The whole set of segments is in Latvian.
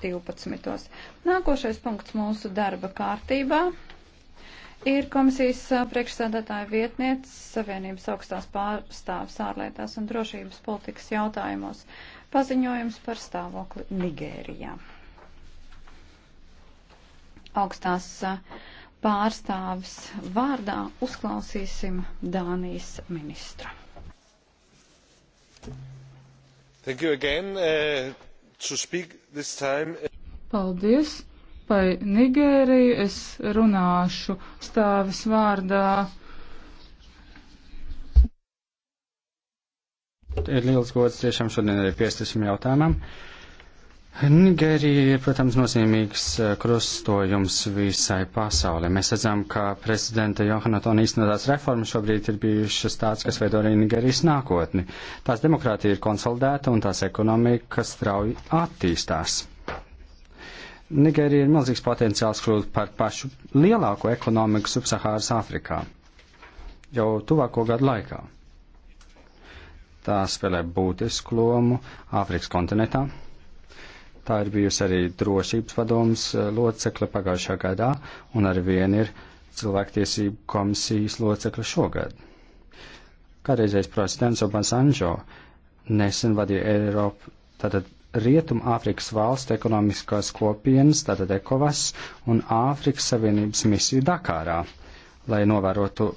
12. Nākošais punkts mūsu darba kārtībā ir komisijas priekšsēdētāja vietniece Savienības augstās pārstāvs ārlietās un drošības politikas jautājumos paziņojums par stāvokli Nigērijā. Augstās pārstāvis vārdā uzklausīsim Dānijas ministru. Thank you again. Uh... Paldies! Vai Nigēriju es runāšu stāvis vārdā? Ir liels gods tiešām šodien arī piestisim jautājumam. Uh, Nigērija ir, protams, nozīmīgs eh, krustojums visai pasaulē. Mēs redzam, ka prezidenta Johana Tona īstenotās reformas šobrīd ir bijušas tāds, kas veido arī Nigērijas nākotni. Tās demokrātija ir konsolidēta un tās ekonomika strauji attīstās. Nigērija ir milzīgs potenciāls kļūt par pašu lielāko ekonomiku subsahāras Āfrikā jau tuvāko gadu laikā. Tā spēlē būtisku lomu Āfrikas kontinentā Tā ir bijusi arī drošības padomas eh, locekle pagājušā gadā un ar vienu ir cilvēktiesību komisijas locekle šogad. Kādreizējais prezidents Obans Anžo nesen vadīja Eiropu, tātad Rietum Āfrikas valstu ekonomiskās kopienas, tātad ECOVAS un Āfrikas Savienības misiju Dakārā, lai novērotu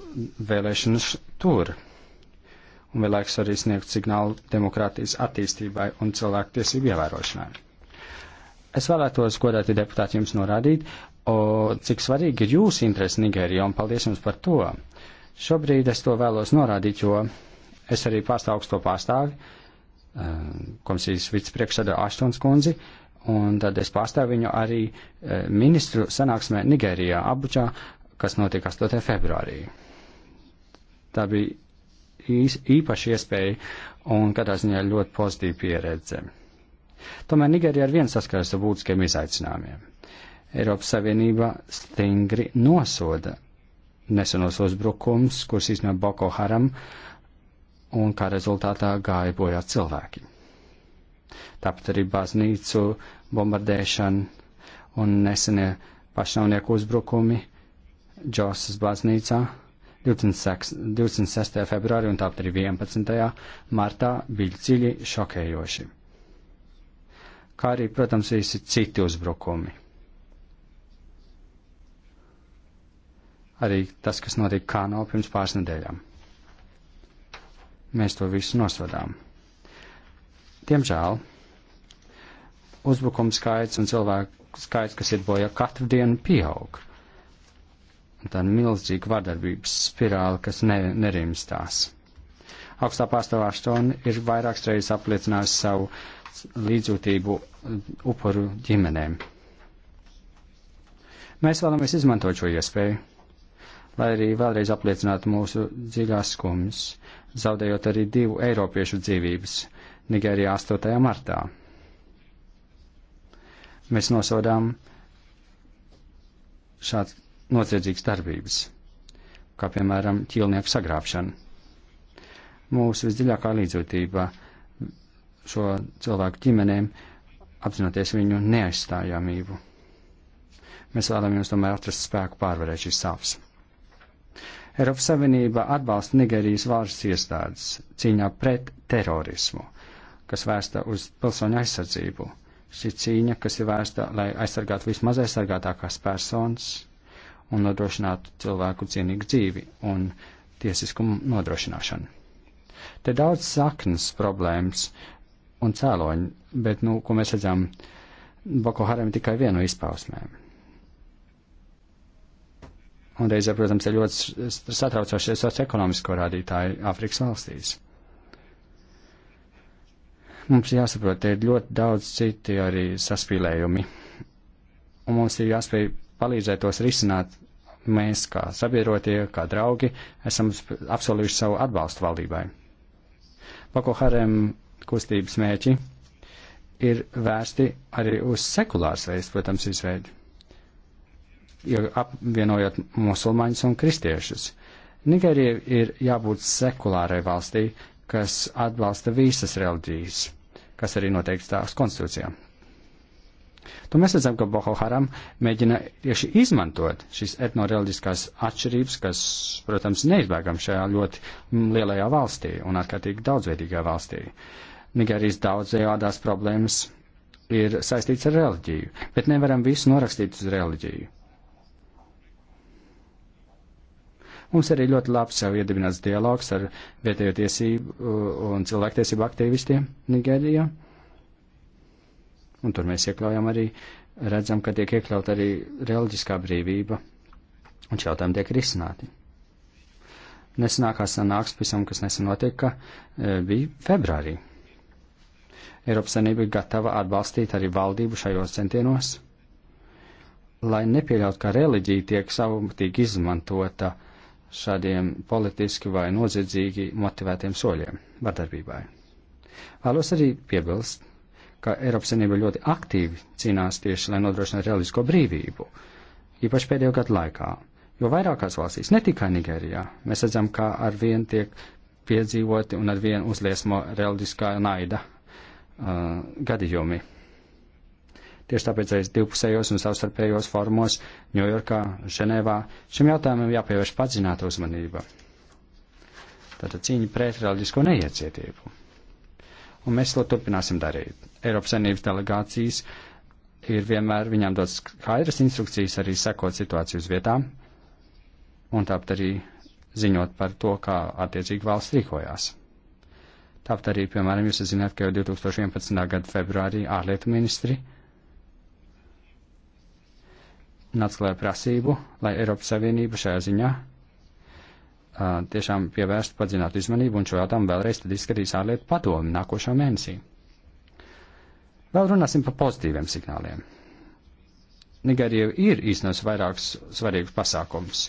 vēlēšanas tur un vienlaiks arī sniegt signālu demokrātijas attīstībai un cilvēktiesību ievērošanai. Es vēlētos, godāti deputāti, jums norādīt, o, cik svarīgi ir jūsu interesi Nigērija, un paldies jums par to. Šobrīd es to vēlos norādīt, jo es arī pārstāvu augsto pārstāvi, eh, komisijas vicepriekšsēdā Aštons kundzi, un tad es pārstāvu viņu arī eh, ministru sanāksmē Nigērijā, Abučā, kas notika 8. februārī. Tā bija īpaša iespēja un katrā ziņā ļoti pozitīva pieredze. Tomēr Nigērija ar vienu saskaras ar būtiskiem izaicinājumiem. Eiropas Savienība stingri nosoda nesenos uzbrukums, kurus īstenībā Boko Haram, un kā rezultātā gāja bojā cilvēki. Tāpat arī baznīcu bombardēšana un nesenie pašnāvnieku uzbrukumi Džosas baznīcā 26, 26. februārī un tāpat arī 11. martā bija dziļi šokējoši kā arī, protams, visi citi uzbrukumi. Arī tas, kas notika Kāno pirms pāris nedēļām. Mēs to visu nosodām. Diemžēl uzbrukumu skaits un cilvēku skaits, kas ir bojā katru dienu, pieaug. Un tā milzīga vardarbības spirāli, kas ne, nerimstās. Augstā pārstāvā Štona ir vairākas reizes apliecinājusi savu uh, līdzjūtību upuru ģimenēm. Mēs vēlamies izmantot šo iespēju, lai arī vēlreiz apliecinātu mūsu dziļās skumjas, zaudējot arī divu eiropiešu dzīvības Nigērijā 8. martā. Mēs nosodām šāds nociedzīgas darbības, kā piemēram ķīlnieku sagrābšana. Mūsu visdziļākā līdzjūtība šo cilvēku ģimenēm, apzinoties viņu neaizstājāmību. Mēs vēlamies tomēr atrast spēku pārvarēt šīs savas. Eiropas Savienība atbalsta Nigērijas valsts iestādes cīņā pret terorismu, kas vērsta uz pilsoņu aizsardzību. Šī cīņa, kas ir vērsta, lai aizsargātu vismaz aizsargātākās personas un nodrošinātu cilvēku cienīgu dzīvi un tiesiskumu nodrošināšanu. Te daudz saknes problēmas, un cēloņi, bet, nu, ko mēs redzam, Boko Haram ir tikai viena no izpausmēm. Un reizē, protams, ir ļoti satraucošie socioekonomisko rādītāji Āfrikas valstīs. Mums jāsaprot, ir ļoti daudz citi arī saspīlējumi. Un mums ir jāspēj palīdzēt tos risināt. Mēs, kā sabiedrotie, kā draugi, esam apsolījuši savu atbalstu valdībai. Boko Haram kustības mērķi ir vērsti arī uz sekulārs veids, protams, izveidi, jo apvienojot musulmaņus un kristiešus. Nigērija ir jābūt sekulārai valstī, kas atbalsta visas reliģijas, kas arī noteikts tās konstitūcijā. To mēs redzam, ka Boko Haram mēģina tieši izmantot šīs etnoreliģiskās atšķirības, kas, protams, neizbēgam šajā ļoti lielajā valstī un ārkārtīgi daudzveidīgā valstī. Uh, Nigērijas daudzējādās problēmas ir saistīts ar reliģiju, bet nevaram visu norakstīt uz reliģiju. Mums arī ļoti labs jau iedibināts dialogs ar vietējo tiesību un cilvēktiesību aktīvistiem Nigērijā. Un tur mēs iekļaujam arī, redzam, ka tiek iekļaut arī reliģiskā brīvība, un šie jautājumi tiek risināti. Nesenākā sanāks, pēc tam, kas nesen notiek, ka e, bija februārī Eiropas Savienība ir gatava atbalstīt arī valdību šajos centienos, lai nepieļaut, ka reliģija tiek savumtīgi izmantota šādiem politiski vai noziedzīgi motivētiem soļiem vardarbībai. Vēlos arī piebilst, ka Eiropas Savienība ļoti aktīvi cīnās tieši, lai nodrošinātu reliģisko brīvību, īpaši pēdējo gadu laikā. Jo vairākās valstīs, ne tikai Nigērijā, mēs redzam, kā ar vien tiek piedzīvoti un ar vien uzliesmo reliģiskā naida uh, gadījumi. Tieši tāpēc es divpusējos un savstarpējos formos Ņujorkā, Ženēvā šim jautājumam jāpievērš padzināta uzmanība. Tātad cīņa pret reliģisko neiecietību. Un mēs to turpināsim darīt. Eiropas Savienības delegācijas ir vienmēr viņām dots skaidras instrukcijas arī sekot situāciju uz vietām un tāpat arī ziņot par to, kā attiecīgi valsts rīkojās. Tāpat arī, piemēram, jūs zināt, ka jau 2011. gada februārī ārlietu ministri nāca klāja prasību, lai Eiropas Savienība šajā ziņā uh, tiešām pievērstu padzinātu uzmanību un šo jautājumu vēlreiz tad izskatīs ārlietu padomu nākošā mēnesī. Vēl runāsim par pozitīviem signāliem. Nigērija ir īstenos vairākus svarīgus pasākumus.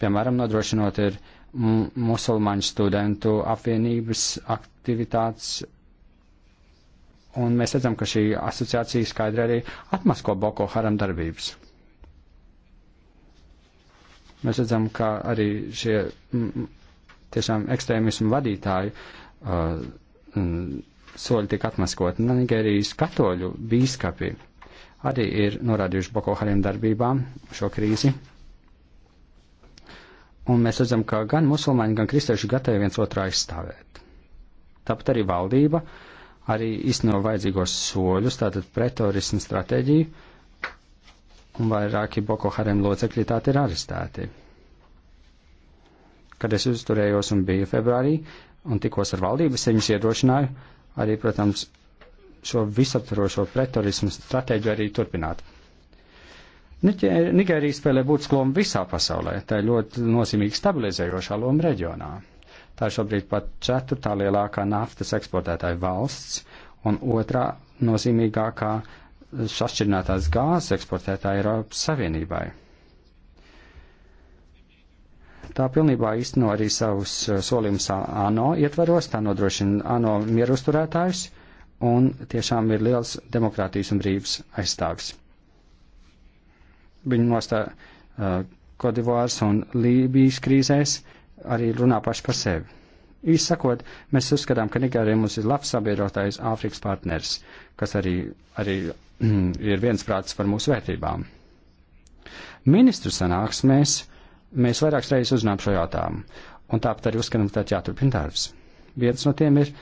Piemēram, nodrošinot ir uh, musulmaņu studentu apvienības aktivitātes. Un mēs redzam, ka šī asociācija skaidri arī atmasko Boko Haram darbības. Mēs redzam, ka arī šie m, tiešām ekstrēmismu vadītāji uh, m, soļi tika atmaskoti. Nigērijas katoļu bīskapi arī ir norādījuši Boko Haram darbībām šo krīzi. Un mēs redzam, ka gan musulmaņi, gan kristieši gatavi viens otru aizstāvēt. Tāpat arī valdība arī izno vajadzīgos soļus, tātad pretorismu stratēģiju, un vairāki Boko Harem locekļi tātad ir arestēti. Kad es uzturējos un biju februārī un tikos ar valdības, viņus iedrošināju arī, protams, šo visaptvarošo pretorismu stratēģiju arī turpināt. Nigērija spēlē būtisku lomu visā pasaulē, tā ir ļoti nozīmīga stabilizējošā loma reģionā. Tā ir šobrīd pat ceturtā lielākā naftas eksportētāja valsts un otrā nozīmīgākā sašķirinātās gāzes eksportētāja Eiropas Savienībai. Tā pilnībā īsteno arī savus eh, solījumus ANO ietvaros, tā nodrošina ANO mieru uzturētājus un tiešām ir liels demokrātijas un brīvības aizstāvis. Viņi nostāja uh, Kodivārs un Lībijas krīzēs arī runā paši par sevi. Īsi sakot, mēs uzskatām, ka Nigērija mums ir labs sabiedrotājs Āfrikas partners, kas arī, arī mm, ir viensprāts par mūsu vērtībām. Ministru sanāksmēs mēs vairākas reizes uzzinām šo jautājumu, un tāpat arī uzskatām, ka tāds jāturpina darbs. Viens no tiem ir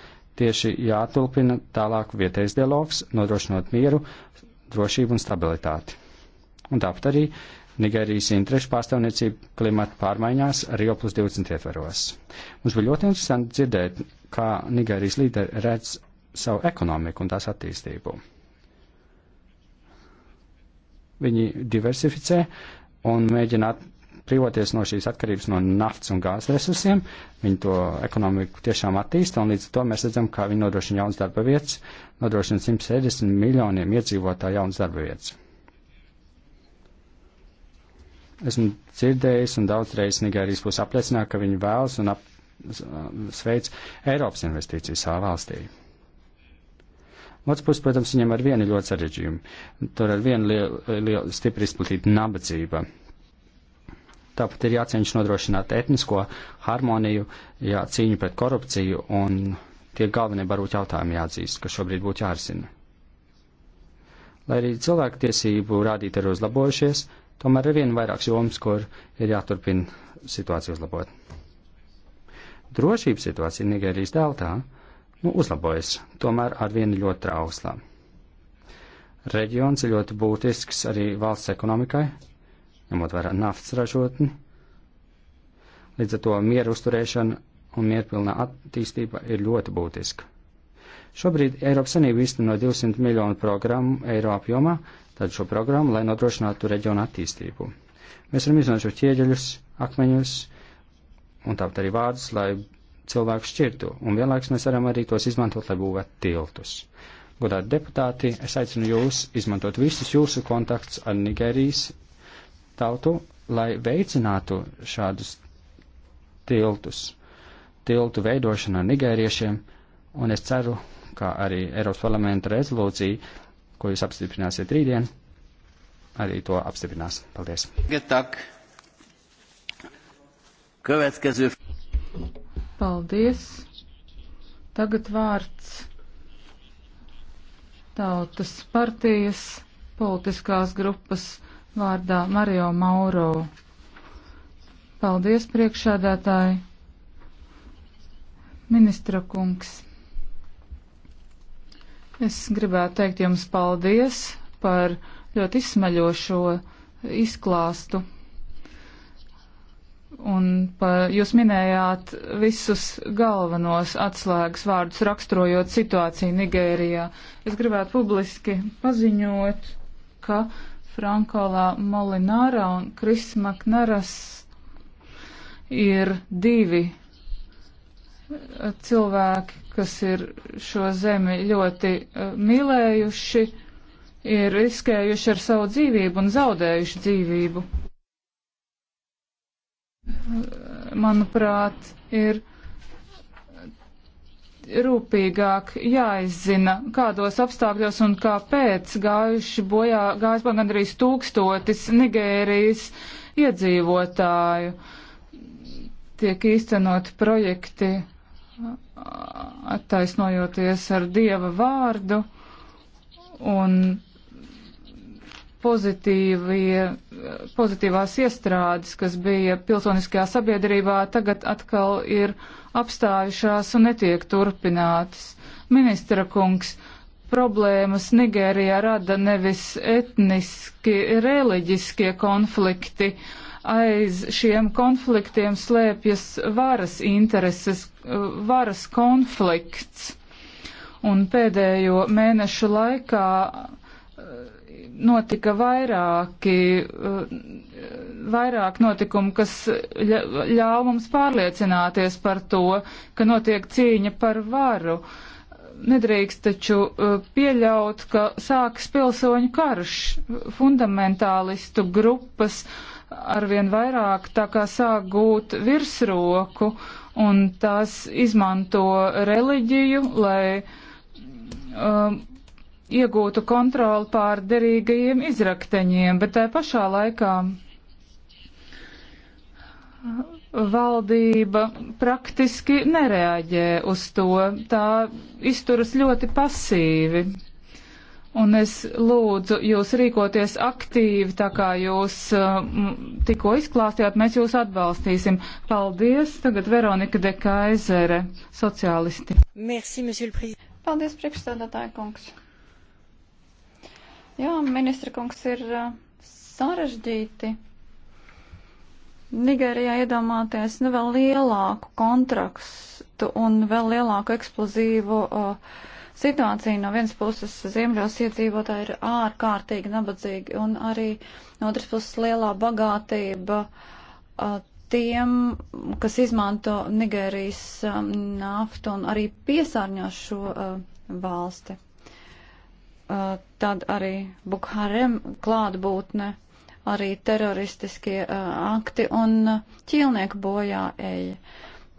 tieši jātulpina tālāk vietējais dialogs, nodrošinot mieru, drošību un stabilitāti. Un tāpat arī Nigērijas interešu pārstāvniecība klimata pārmaiņās Rio plus 20 ietveros. Mums bija ļoti interesanti dzirdēt, kā Nigērijas līderi redz savu ekonomiku un tās attīstību. Viņi diversificē un mēģina atbrīvoties no šīs atkarības no naftas un gāzes resursiem. Viņi to ekonomiku tiešām attīsta, un līdz ar to mēs redzam, kā viņi nodrošina jaunas darba vietas, nodrošina 160 miljoniem iedzīvotāju jaunas darba vietas. Esmu dzirdējis un daudzreiz Nigērijas būs apliecināt, ka viņi vēlas un ap, sveic Eiropas investīcijas savā valstī. Otrs puses, protams, viņam ar vienu ļoti sarežģījumu. Tur ar vienu lielu, lielu stipri izplatīta nabadzība. Tāpat ir jāceņš nodrošināt etnisko harmoniju, jā, cīņu pret korupciju, un tie galvenie varbūt jautājumi jāatzīst, kas šobrīd būtu jārisina. Lai arī cilvēktiesību rādītāji ir uzlabojušies, Tomēr ir vien vairāks joms, kur ir jāturpina situāciju uzlabot. Drošības situācija Nigērijas deltā nu, uzlabojas, tomēr arvien ļoti trauslā. Reģions ir ļoti būtisks arī valsts ekonomikai, ņemot vērā naftas ražotni. Līdz ar to mieru uzturēšana un mierpilnā attīstība ir ļoti būtiska. Šobrīd Eiropas Sanība īsteno 200 miljonu programmu eiro apjomā, tad šo programmu, lai nodrošinātu reģionu attīstību. Mēs varam izmantot šo ķieģeļus, akmeņus un tāpat arī vārdus, lai cilvēku šķirtu, un vienlaiks mēs varam arī tos izmantot, lai būvētu tiltus. Godāti deputāti, es aicinu jūs izmantot visus jūsu kontaktus ar Nigērijas tautu, lai veicinātu šādus tiltus, tiltu veidošanu ar nigēriešiem, un es ceru, ka arī Eiropas parlamenta rezolūcija ko jūs apstiprināsiet rītdien, arī to apstiprinās. Paldies! Paldies! Tagad vārds Tautas partijas politiskās grupas vārdā Mario Mauro. Paldies, priekšādātāji! Ministra kungs! Es gribētu teikt jums paldies par ļoti izsmaļošo izklāstu. Un pa, jūs minējāt visus galvenos atslēgas vārdus raksturojot situāciju Nigērijā. Es gribētu publiski paziņot, ka Frankolā Molinārā un Kris Maknaras ir divi cilvēki, kas ir šo zemi ļoti uh, mīlējuši, ir riskējuši ar savu dzīvību un zaudējuši dzīvību. Manuprāt, ir rūpīgāk jāizzina, kādos apstākļos un kāpēc gājuši bojā, gājis bojā gandrīz tūkstotis Nigērijas iedzīvotāju. Tiek īstenot projekti attaisnojoties ar Dieva vārdu un pozitīvās iestrādes, kas bija pilsoniskajā sabiedrībā, tagad atkal ir apstājušās un netiek turpinātas. Ministra kungs, problēmas Nigērijā rada nevis etniski, reliģiskie konflikti, uh, aiz šiem konfliktiem slēpjas varas intereses, varas konflikts. Un pēdējo mēnešu laikā eh, notika vairāki, eh, vairāk notikumu, kas ļāva mums pārliecināties par to, ka notiek cīņa par varu. Nedrīkst taču eh, pieļaut, ka sāks pilsoņu karš, fundamentālistu grupas uh, arvien vairāk tā kā sāk gūt virsroku un tās izmanto reliģiju, lai um, iegūtu kontroli pār derīgajiem izrakteņiem, bet tai pašā laikā valdība praktiski nereaģē uz to, tā izturas ļoti pasīvi. Un es lūdzu jūs rīkoties aktīvi, tā kā jūs um, tikko izklāstījāt, mēs jūs atbalstīsim. Paldies, tagad Veronika de Kaizere, sociālisti. Merci, Paldies, priekšstādātāja kungs. Jā, ministra kungs ir uh, sarežģīti. Nigērijā iedomāties nu vēl lielāku kontrakstu un vēl lielāku eksplozīvu. Uh, Situācija no vienas puses Ziemļos iedzīvotāji ir ārkārtīgi nabadzīgi un arī no otras puses lielā bagātība tiem, kas izmanto Nigērijas naftu un arī piesārņo šo valsti. Tad arī Bukharem klātbūtne, arī teroristiskie akti un ķīlnieku bojā eja.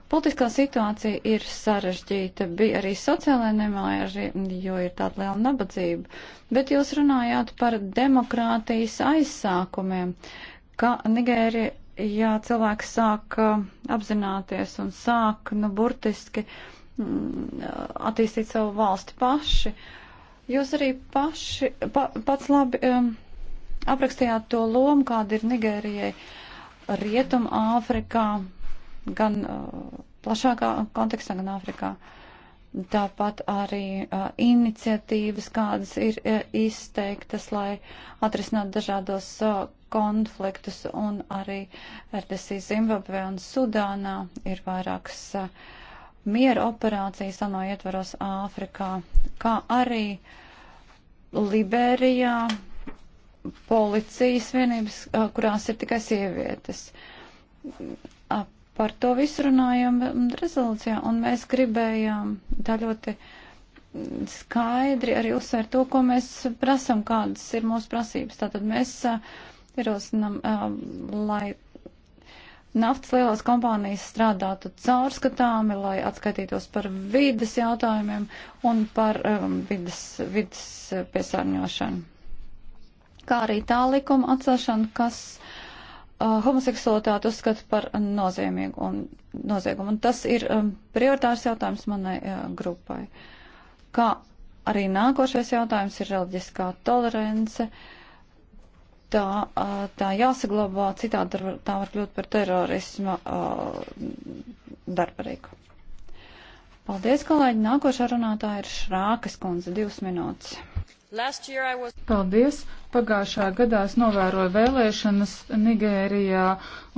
Politiskā situācija ir sarežģīta, bija arī sociālai nemājaži, jo ir tāda liela nabadzība, bet jūs runājāt par demokrātijas aizsākumiem, ka Nigērija, ja cilvēks sāk uh, apzināties un sāk, nu, burtiski mm, attīstīt savu valsti paši, jūs arī paši, pa, pats labi um, aprakstījāt to lomu, kāda ir Nigērijai Rietum Āfrikā gan uh, plašākā kontekstā, gan Āfrikā. Tāpat arī uh, iniciatīvas, kādas ir uh, izteiktas, lai atrisinātu dažādos uh, konfliktus, un arī RDC Zimbabvē un Sudānā ir vairākas uh, miera operācijas ANO ietvaros Āfrikā, kā arī Liberijā policijas vienības, uh, kurās ir tikai sievietes. Ap Par to visu runājam rezolūcijā, un mēs gribējām tā ļoti skaidri arī uzsvērt to, ko mēs prasam, kādas ir mūsu prasības. Tātad mēs ierosinam, lai naftas lielās kompānijas strādātu caurskatāmi, lai atskaitītos par vidas jautājumiem un par um, vidas, vidas piesārņošanu. Kā arī tā likuma atcelšana, kas uh, homoseksualitāti uzskata par nozīmīgu un noziegumu. Un tas ir um, prioritārs jautājums manai uh, grupai. Kā arī nākošais jautājums ir reliģiskā tolerance. Tā, uh, tā jāsaglabā, citādi tā var kļūt par terorisma uh, darbarīgu. Paldies, kolēģi. Nākošā runātāja ir Šrākas kundze, divas minūtes. Was... Paldies! Pagājušā gadā es novēroju vēlēšanas Nigērijā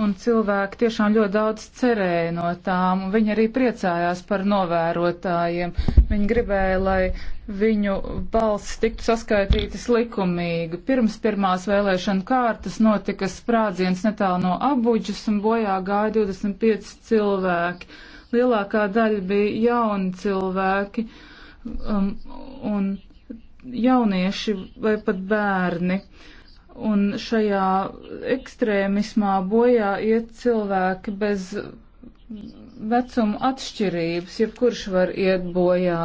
un cilvēki tiešām ļoti daudz cerēja no tām. Viņi arī priecājās par novērotājiem. Viņi gribēja, lai viņu balss tiktu saskaitītas likumīgi. Pirms pirmās vēlēšana kārtas notika sprādziens netālu no abuģas un bojā gāja 25 cilvēki. Lielākā daļa bija jauni cilvēki. Um, un jaunieši vai pat bērni. Un šajā ekstrēmismā bojā iet cilvēki bez vecuma atšķirības, jebkurš var iet bojā.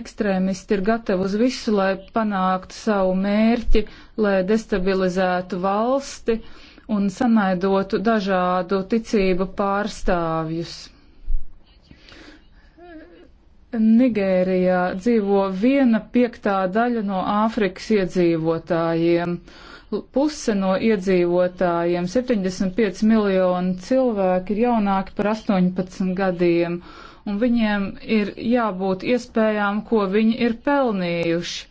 Ekstrēmisti ir gatavi uz visu, lai panāktu savu mērķi, lai destabilizētu valsti un sanaidotu dažādu ticību pārstāvjus. Nigērijā dzīvo viena piektā daļa no Āfrikas iedzīvotājiem. Puse no iedzīvotājiem, 75 miljoni cilvēki, ir jaunāki par 18 gadiem, un viņiem ir jābūt iespējām, ko viņi ir pelnījuši.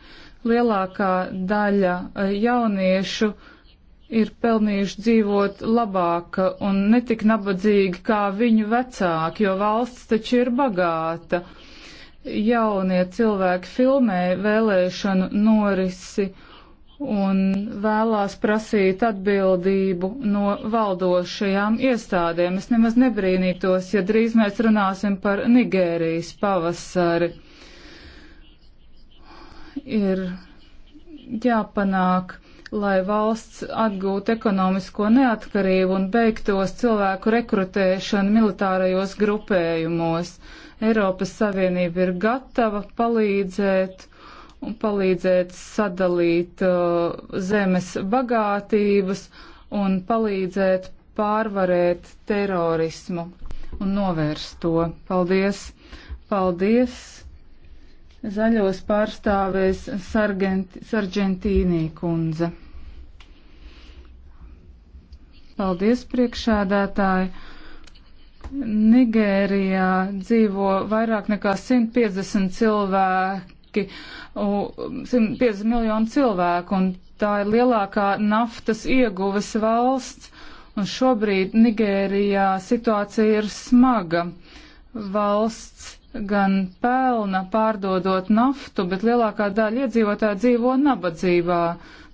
Lielākā daļa eh, jauniešu ir pelnījuši dzīvot labāk un netik nabadzīgi kā viņu vecāki, jo valsts taču ir bagāta. Uh, jaunie cilvēki filmē vēlēšanu norisi un vēlās prasīt atbildību no valdošajām iestādēm. Es nemaz nebrīnītos, ja drīz mēs runāsim par Nigērijas pavasari. Ir jāpanāk, lai valsts atgūtu ekonomisko neatkarību un beigtos cilvēku rekrutēšanu militārajos grupējumos. Uh, Eiropas Savienība ir gatava palīdzēt un palīdzēt sadalīt uh, zemes bagātības un palīdzēt pārvarēt terorismu un novērst to. Paldies! Paldies! Zaļos pārstāvēs Sargenti, Sargentīnī kundze. Paldies, priekšādātāji! Nigērijā dzīvo vairāk nekā 150 cilvēki, 150 miljonu cilvēku, un tā ir lielākā naftas ieguves valsts, un šobrīd Nigērijā situācija ir smaga. Valsts gan pelna pārdodot naftu, bet lielākā daļa iedzīvotāja dzīvo nabadzībā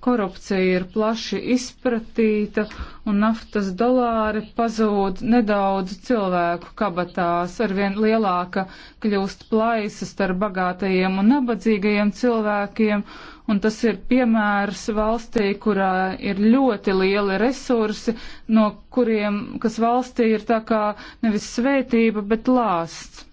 korupcija ir plaši izpratīta un naftas dolāri pazūd nedaudz cilvēku kabatās, arvien lielāka kļūst plaisas starp bagātajiem un nabadzīgajiem cilvēkiem, un tas ir piemērs valstī, kurā ir ļoti lieli resursi, no kuriem, kas valstī ir tā kā nevis svētība, bet lāsts.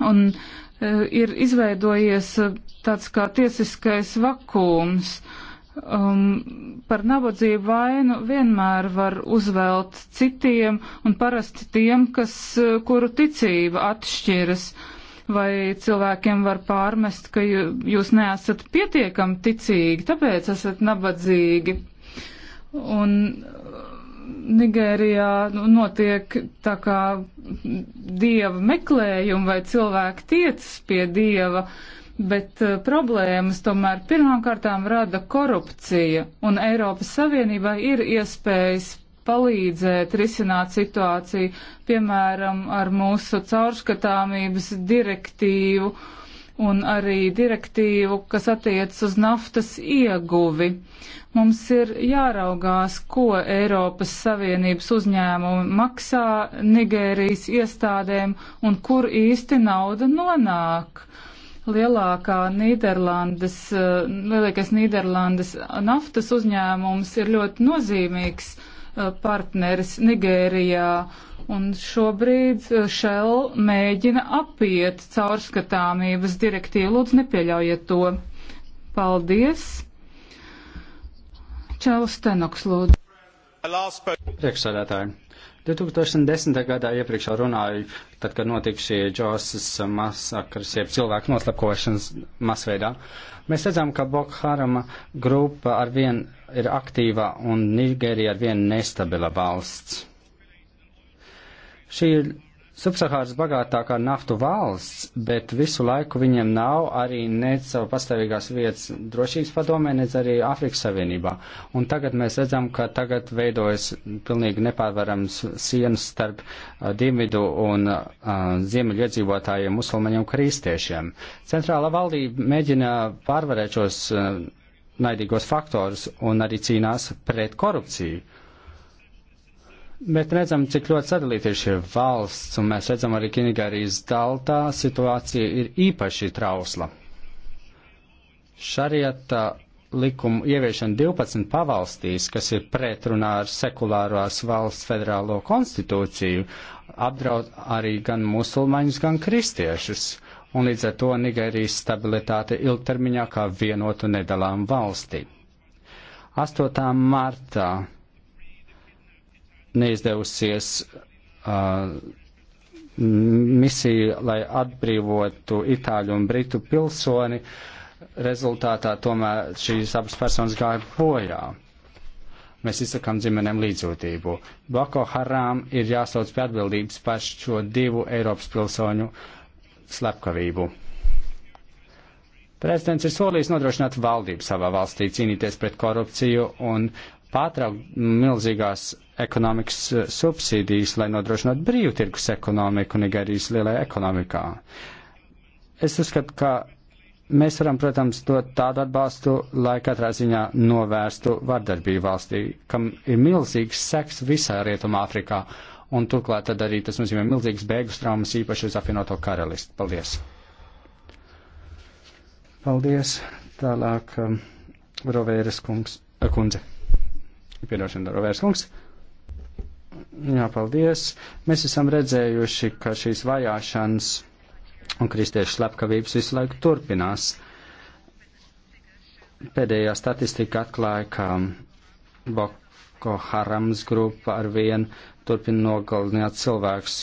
Un e, ir izveidojies e, tāds kā tiesiskais vakums. Uh, um, par nabadzību vainu vienmēr var uzvelt citiem un parasti tiem, kas, uh, kuru ticība atšķiras. Vai cilvēkiem var pārmest, ka jūs neesat pietiekami ticīgi, tāpēc esat nabadzīgi. Un uh, Nigērijā nu, notiek tā kā dieva meklējumi vai cilvēki tiecas pie dieva. Uh, bet uh, problēmas tomēr pirmkārtām rada korupcija, un Eiropas Savienībai ir iespējas palīdzēt risināt situāciju, piemēram, ar mūsu caurskatāmības direktīvu un arī direktīvu, kas attiec uz naftas ieguvi. Mums ir jāraugās, ko Eiropas Savienības uzņēmumi maksā Nigērijas iestādēm un kur īsti nauda nonāk. Uh, lielākā Nīderlandes, eh, lielākais Nīderlandes naftas uzņēmums ir ļoti nozīmīgs eh, partneris Nigērijā. Un šobrīd eh, Shell mēģina apiet caurskatāmības direktīvu. Lūdzu, nepieļaujiet to. Paldies. Čels Tenoks, lūdzu. Priekšsādātāji. 2010. gadā iepriekšā runāju, tad, kad notika šie džosas masakras, jeb cilvēku noslakošanas masveidā, mēs redzam, ka Boko Harama grupa ar vien ir aktīva un Nigērija ar vien nestabila valsts. Šī ir Subsahāras bagātākā naftu valsts, bet visu laiku viņiem nav arī nec savu pastāvīgās vietas drošības padomē, nec arī Afrikas Savienībā. Un tagad mēs redzam, ka tagad veidojas pilnīgi nepārvarams sienas starp uh, dienvidu un uh, ziemeļu iedzīvotājiem, musulmaņiem un kristiešiem. Centrāla valdība mēģina pārvarēt šos uh, naidīgos faktorus un arī cīnās pret korupciju. Mēs redzam, cik ļoti sadalīta ir šī valsts, un mēs redzam arī Kinigārijas daltā situācija ir īpaši trausla. Šarieta likumu ieviešana 12 pavalstīs, kas ir pretrunā ar sekulārās valsts federālo konstitūciju, apdraud arī gan musulmaņus, gan kristiešus, un līdz ar to Nigērijas stabilitāte ilgtermiņā kā vienotu nedalām valsti. 8. martā neizdevusies uh, misija, lai atbrīvotu itāļu un britu pilsoni, rezultātā tomēr šīs abas personas gāja bojā. Mēs izsakām ģimenēm līdzjūtību. Boko Haram ir jāsauc pie atbildības par šo divu Eiropas pilsoņu slepkavību. Prezidents ir solījis nodrošināt valdību savā valstī, cīnīties pret korupciju un pārtraukt milzīgās ekonomikas eh, subsīdijas, lai nodrošinātu brīvu tirgus ekonomiku Nigērijas lielajā ekonomikā. Es uzskatu, ka mēs varam, protams, dot tādu atbalstu, lai katrā ziņā novērstu vardarbību valstī, kam ir milzīgs seks visā Rietumā Afrikā, un turklāt tad arī tas nozīmē milzīgas beigas traumas īpaši uz apvienoto karalisti. Paldies! Paldies! Tālāk um, Rovēras kungs, uh, kundze. Piedošana, Rovēras kungs. Jā, paldies. Mēs esam redzējuši, ka šīs vajāšanas un kristiešu slepkavības visu laiku turpinās. Pēdējā statistika atklāja, ka Boko Harams grupa ar vienu turpina nogalināt cilvēkus.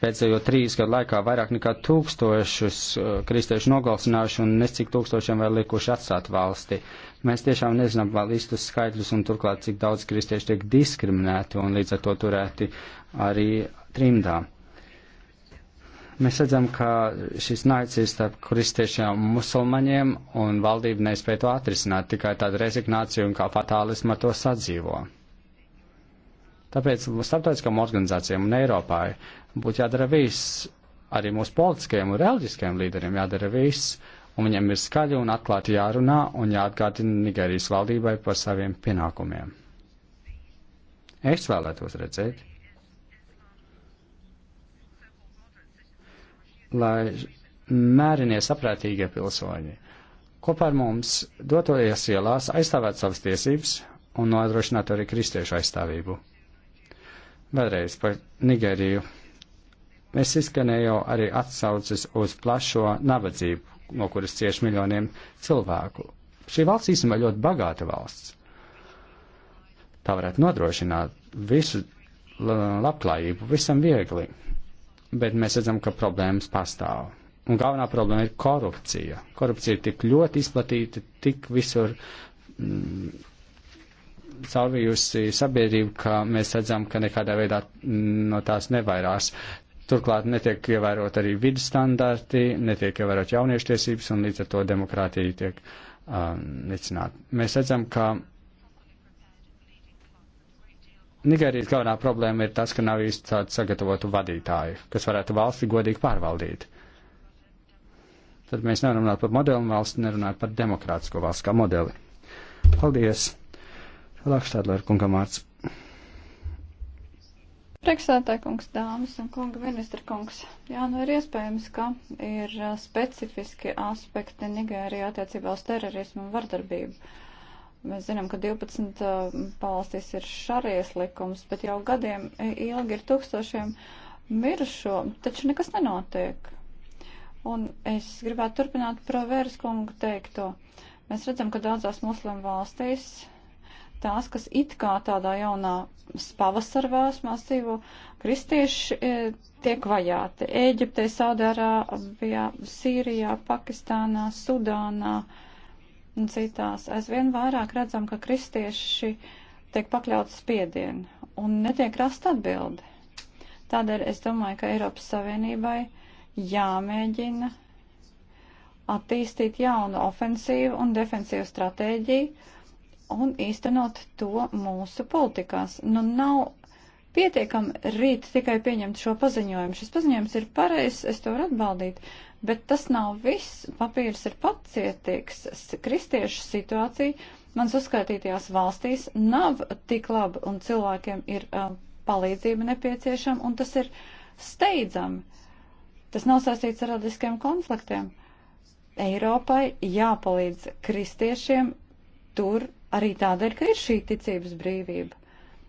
Pēdējo trīs gadu laikā vairāk nekā tūkstošus uh, kristiešu nogalsinājuši un nesik tūkstošiem vēl likuši atstāt valsti. Uh, Mēs tiešām nezinām vēl īstus skaidrus un turklāt, cik daudz kristieši tiek diskriminēti un līdz ar to turēti arī trimdā. Mēs redzam, ka šis naids ir starp kristiešiem un musulmaņiem, un valdība nespēja to atrisināt, tikai tāda rezignācija un kā fatālisma ar to sadzīvo. Tāpēc starptautiskām organizācijām un Eiropā būtu jādara viss, arī mūsu politiskajiem un reliģiskajiem līderiem jādara viss, un viņiem ir skaļi un atklāti jārunā un jāatgādina Nigērijas valdībai par saviem pienākumiem. Es vēlētos redzēt, lai mērinie saprātīgie pilsoņi kopā ar mums dototies ielās aizstāvēt savas tiesības un nodrošināt arī kristiešu aizstāvību. Vēlreiz par Nigēriju. Mēs izskanēju arī atsaucis uz plašo nabadzību, no kuras cieš miljoniem cilvēku. Šī valsts īstenībā ļoti bagāta valsts. Tā varētu nodrošināt visu labklājību visam viegli, bet mēs redzam, ka problēmas pastāv. Un galvenā problēma ir korupcija. Korupcija ir tik ļoti izplatīta, tik visur mm, caurvījusi sabiedrību, ka mēs redzam, ka nekādā veidā mm, no tās nevairās. Turklāt netiek ievērot arī vidas standarti, netiek ievērot jauniešu tiesības un līdz ar to demokrātija tiek uh, um, nicināt. Mēs redzam, ka Nigērijas galvenā problēma ir tas, ka nav īsti tādu sagatavotu vadītāju, kas varētu valsti godīgi pārvaldīt. Tad mēs nevaram runāt par modeli valsti, nerunāt par demokrātisko valsts kā modeli. Paldies! Lakštādlēr kungam vārds. Priekšsēdētāji kungs, dāmas un kungi, ministra kungs, jā, nu ir iespējams, ka ir specifiski aspekti Nigērijā attiecībā uz terorismu un vardarbību. Mēs zinām, ka 12 valstīs ir šaries likums, bet jau gadiem ilgi ir tūkstošiem mirušo, taču nekas nenotiek. Un es gribētu turpināt pravērs kungu teikto. Mēs redzam, ka daudzās muslim valstīs tās, kas it kā tādā jaunā pavasara vēsmā dzīvo, kristieši e, tiek vajāti. Ēģiptē, Saudārābijā, Sīrijā, Pakistānā, Sudānā un citās. Aizvien vairāk redzam, ka kristieši tiek pakļauts spiedienu un netiek rast atbildi. Tādēļ es domāju, ka Eiropas Savienībai jāmēģina attīstīt jaunu ofensīvu un defensīvu stratēģiju, un īstenot to mūsu politikās. Nu, nav pietiekami rīt tikai pieņemt šo paziņojumu. Šis paziņojums ir pareizs, es to varu atbaldīt, bet tas nav viss. Papīrs ir pacietīgs. Kristiešu situācija manas uzskaitītajās valstīs nav tik laba, un cilvēkiem ir uh, palīdzība nepieciešama, un tas ir steidzami. Tas nav saistīts ar radiskiem konfliktiem. Eiropai jāpalīdz kristiešiem tur, arī tādēļ, ka ir šī ticības brīvība.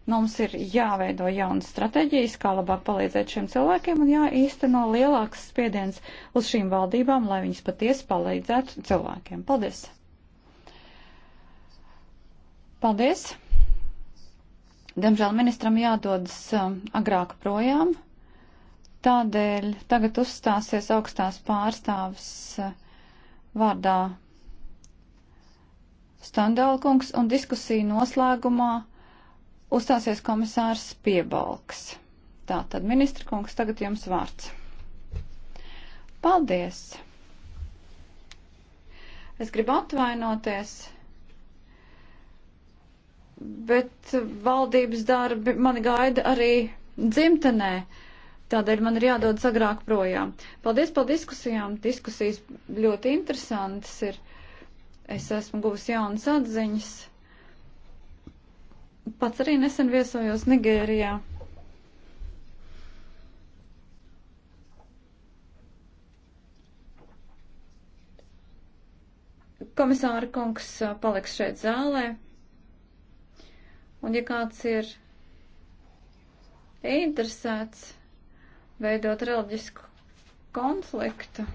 Mums ir jāveido jaunas stratēģijas, kā labāk palīdzēt šiem cilvēkiem un jāīsteno lielāks spiediens uz šīm valdībām, lai viņas patiesi palīdzētu cilvēkiem. Paldies! Paldies! Diemžēl ministram jādodas um, agrāk projām. Tādēļ tagad uzstāsies augstās pārstāvis uh, vārdā Standālkungs un diskusiju noslēgumā uzstāsies komisārs Piebalgs. Tā tad, ministra kungs, tagad jums vārds. Paldies! Es gribu atvainoties, bet valdības darbi mani gaida arī dzimtenē. Tādēļ man ir jādod agrāk projām. Paldies par diskusijām. Diskusijas ļoti interesantas ir es esmu guvis jaunas atziņas. Pats arī nesen viesojos Nigērijā. Komisāra kungs paliks šeit zālē. Un ja kāds ir interesēts veidot reliģisku konfliktu,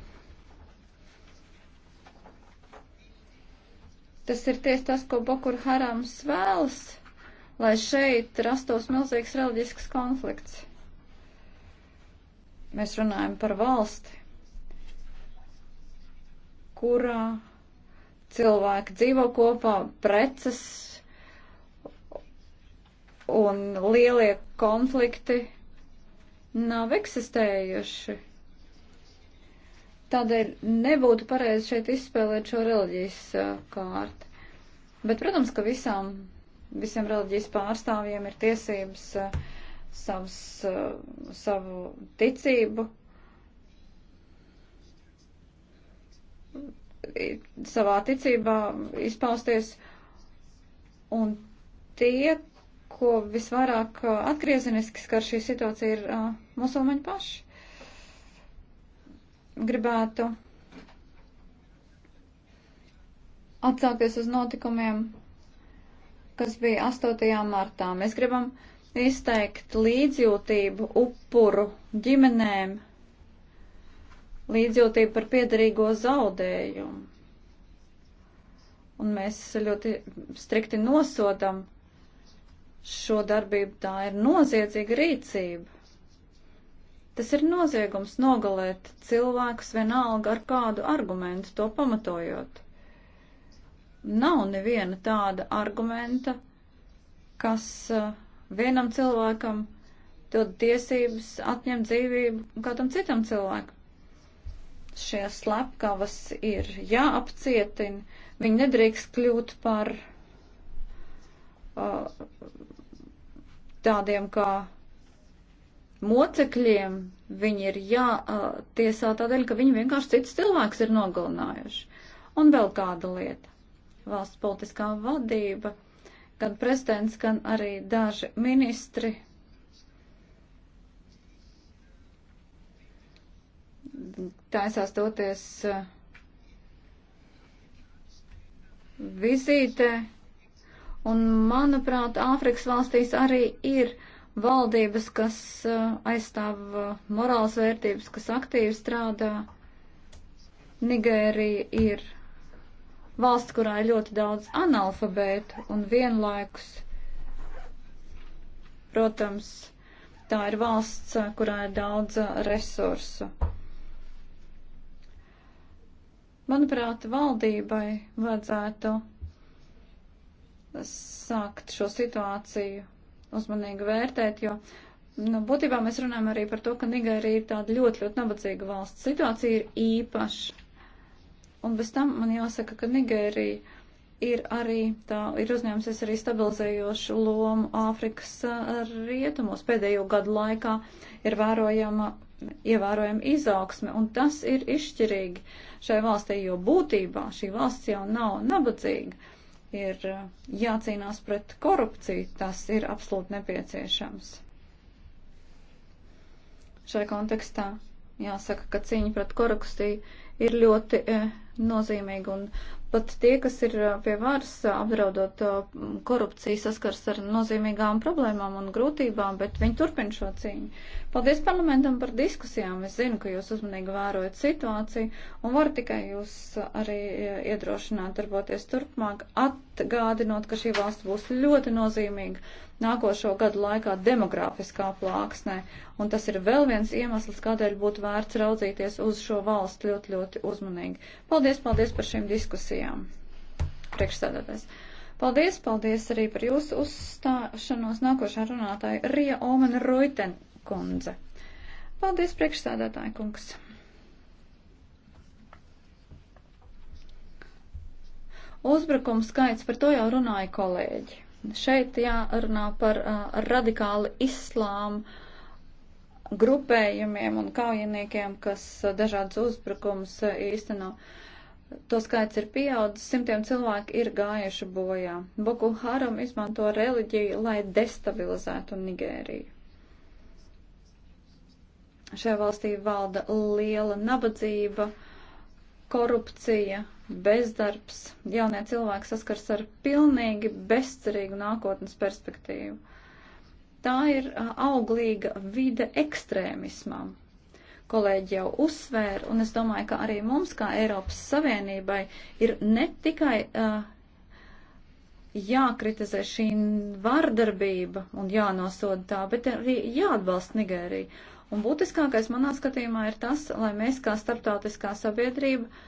Tas ir tieši tas, ko Bokur Harams vēlas, lai šeit rastos milzīgs reliģisks konflikts. Mēs runājam par valsti, kurā cilvēki dzīvo kopā, preces un lielie konflikti nav eksistējuši. Tādēļ nebūtu pareizi šeit izspēlēt šo reliģijas kārtu. Bet, protams, ka visām, visiem reliģijas pārstāvjiem ir tiesības savs, savu ticību savā ticībā izpausties, un tie, ko visvairāk atgriezeniski skar šī situācija, ir uh, musulmaņi paši gribētu atsākties uz notikumiem, kas bija 8. martā. Mēs gribam izteikt līdzjūtību upuru ģimenēm, līdzjūtību par piedarīgo zaudējumu. Un mēs ļoti strikti nosodam šo darbību. Tā ir noziedzīga rīcība. Tas ir noziegums nogalēt cilvēkus vienalga ar kādu argumentu to pamatojot. Nav neviena tāda argumenta, kas eh, vienam cilvēkam dod tiesības atņemt dzīvību kādam citam cilvēkam. Šie slepkavas ir jāapcietina, viņi nedrīkst kļūt par uh, tādiem kā mocekļiem viņi ir jātiesā tādēļ, ka viņi vienkārši cits cilvēks ir nogalinājuši. Un vēl kāda lieta. Valsts politiskā vadība, gan prezidents, gan arī daži ministri. Taisās doties vizītē, un manuprāt, Āfrikas valstīs arī ir uh, valdības, kas uh, aizstāv uh, morāls vērtības, kas aktīvi strādā. Nigērija ir valsts, kurā ir ļoti daudz analfabētu un vienlaikus, protams, tā ir valsts, uh, kurā ir daudz resursu. Manuprāt, valdībai vajadzētu sākt šo situāciju uzmanīgi vērtēt, jo nu, būtībā mēs runājam arī par to, ka Nigērija ir tāda ļoti, ļoti nabadzīga valsts. Situācija ir īpaša. Un bez tam man jāsaka, ka Nigērija ir arī tā, ir uzņēmusies arī stabilizējošu lomu Āfrikas rietumos. Pēdējo gadu laikā ir vērojama, ievērojama izaugsme, un tas ir izšķirīgi šai valstī, jo būtībā šī valsts jau nav nabadzīga ir uh, jācīnās pret korupciju, tas ir absolūti nepieciešams. Šai kontekstā jāsaka, ka cīņa pret korupciju ir ļoti e, nozīmīga un Pat tie, kas ir uh, pie varas uh, apdraudot uh, korupciju, saskars ar nozīmīgām problēmām un grūtībām, bet viņi turpina šo cīņu. Paldies parlamentam par diskusijām. Es zinu, ka jūs uzmanīgi vērojat situāciju un varu tikai jūs arī iedrošināt darboties turpmāk, atgādinot, ka šī valsts būs ļoti nozīmīga nākošo gadu laikā demografiskā plāksnē. Un tas ir vēl viens iemesls, kādēļ būtu vērts raudzīties uz šo valstu ļoti, ļoti uzmanīgi. Paldies, paldies par šīm diskusijām. Priekšsēdētājs. Paldies, paldies arī par jūsu uzstāšanos nākošā runātāja Rija Omen Ruiten kundze. Paldies, priekšsēdētāja kungs. Uzbrukumu skaits par to jau runāja kolēģi. Šeit jārunā par uh, radikāli islāmu grupējumiem un kaujiniekiem, kas uh, dažādas uzbrukums uh, īsteno. To skaits ir pieaudzis, simtiem cilvēki ir gājuši bojā. Boku Haram izmanto reliģiju, lai destabilizētu Nigēriju. Šajā valstī valda liela nabadzība, korupcija, bezdarbs, jaunie cilvēki saskars ar pilnīgi bezcerīgu nākotnes perspektīvu. Tā ir auglīga vide ekstrēmismam. Kolēģi jau uzsvēra, un es domāju, ka arī mums, kā Eiropas Savienībai, ir ne tikai uh, jākritizē šī vardarbība un jānosoda tā, bet arī jāatbalsta Nigērija. Un būtiskākais manā skatījumā ir tas, lai mēs kā starptautiskā sabiedrība uh,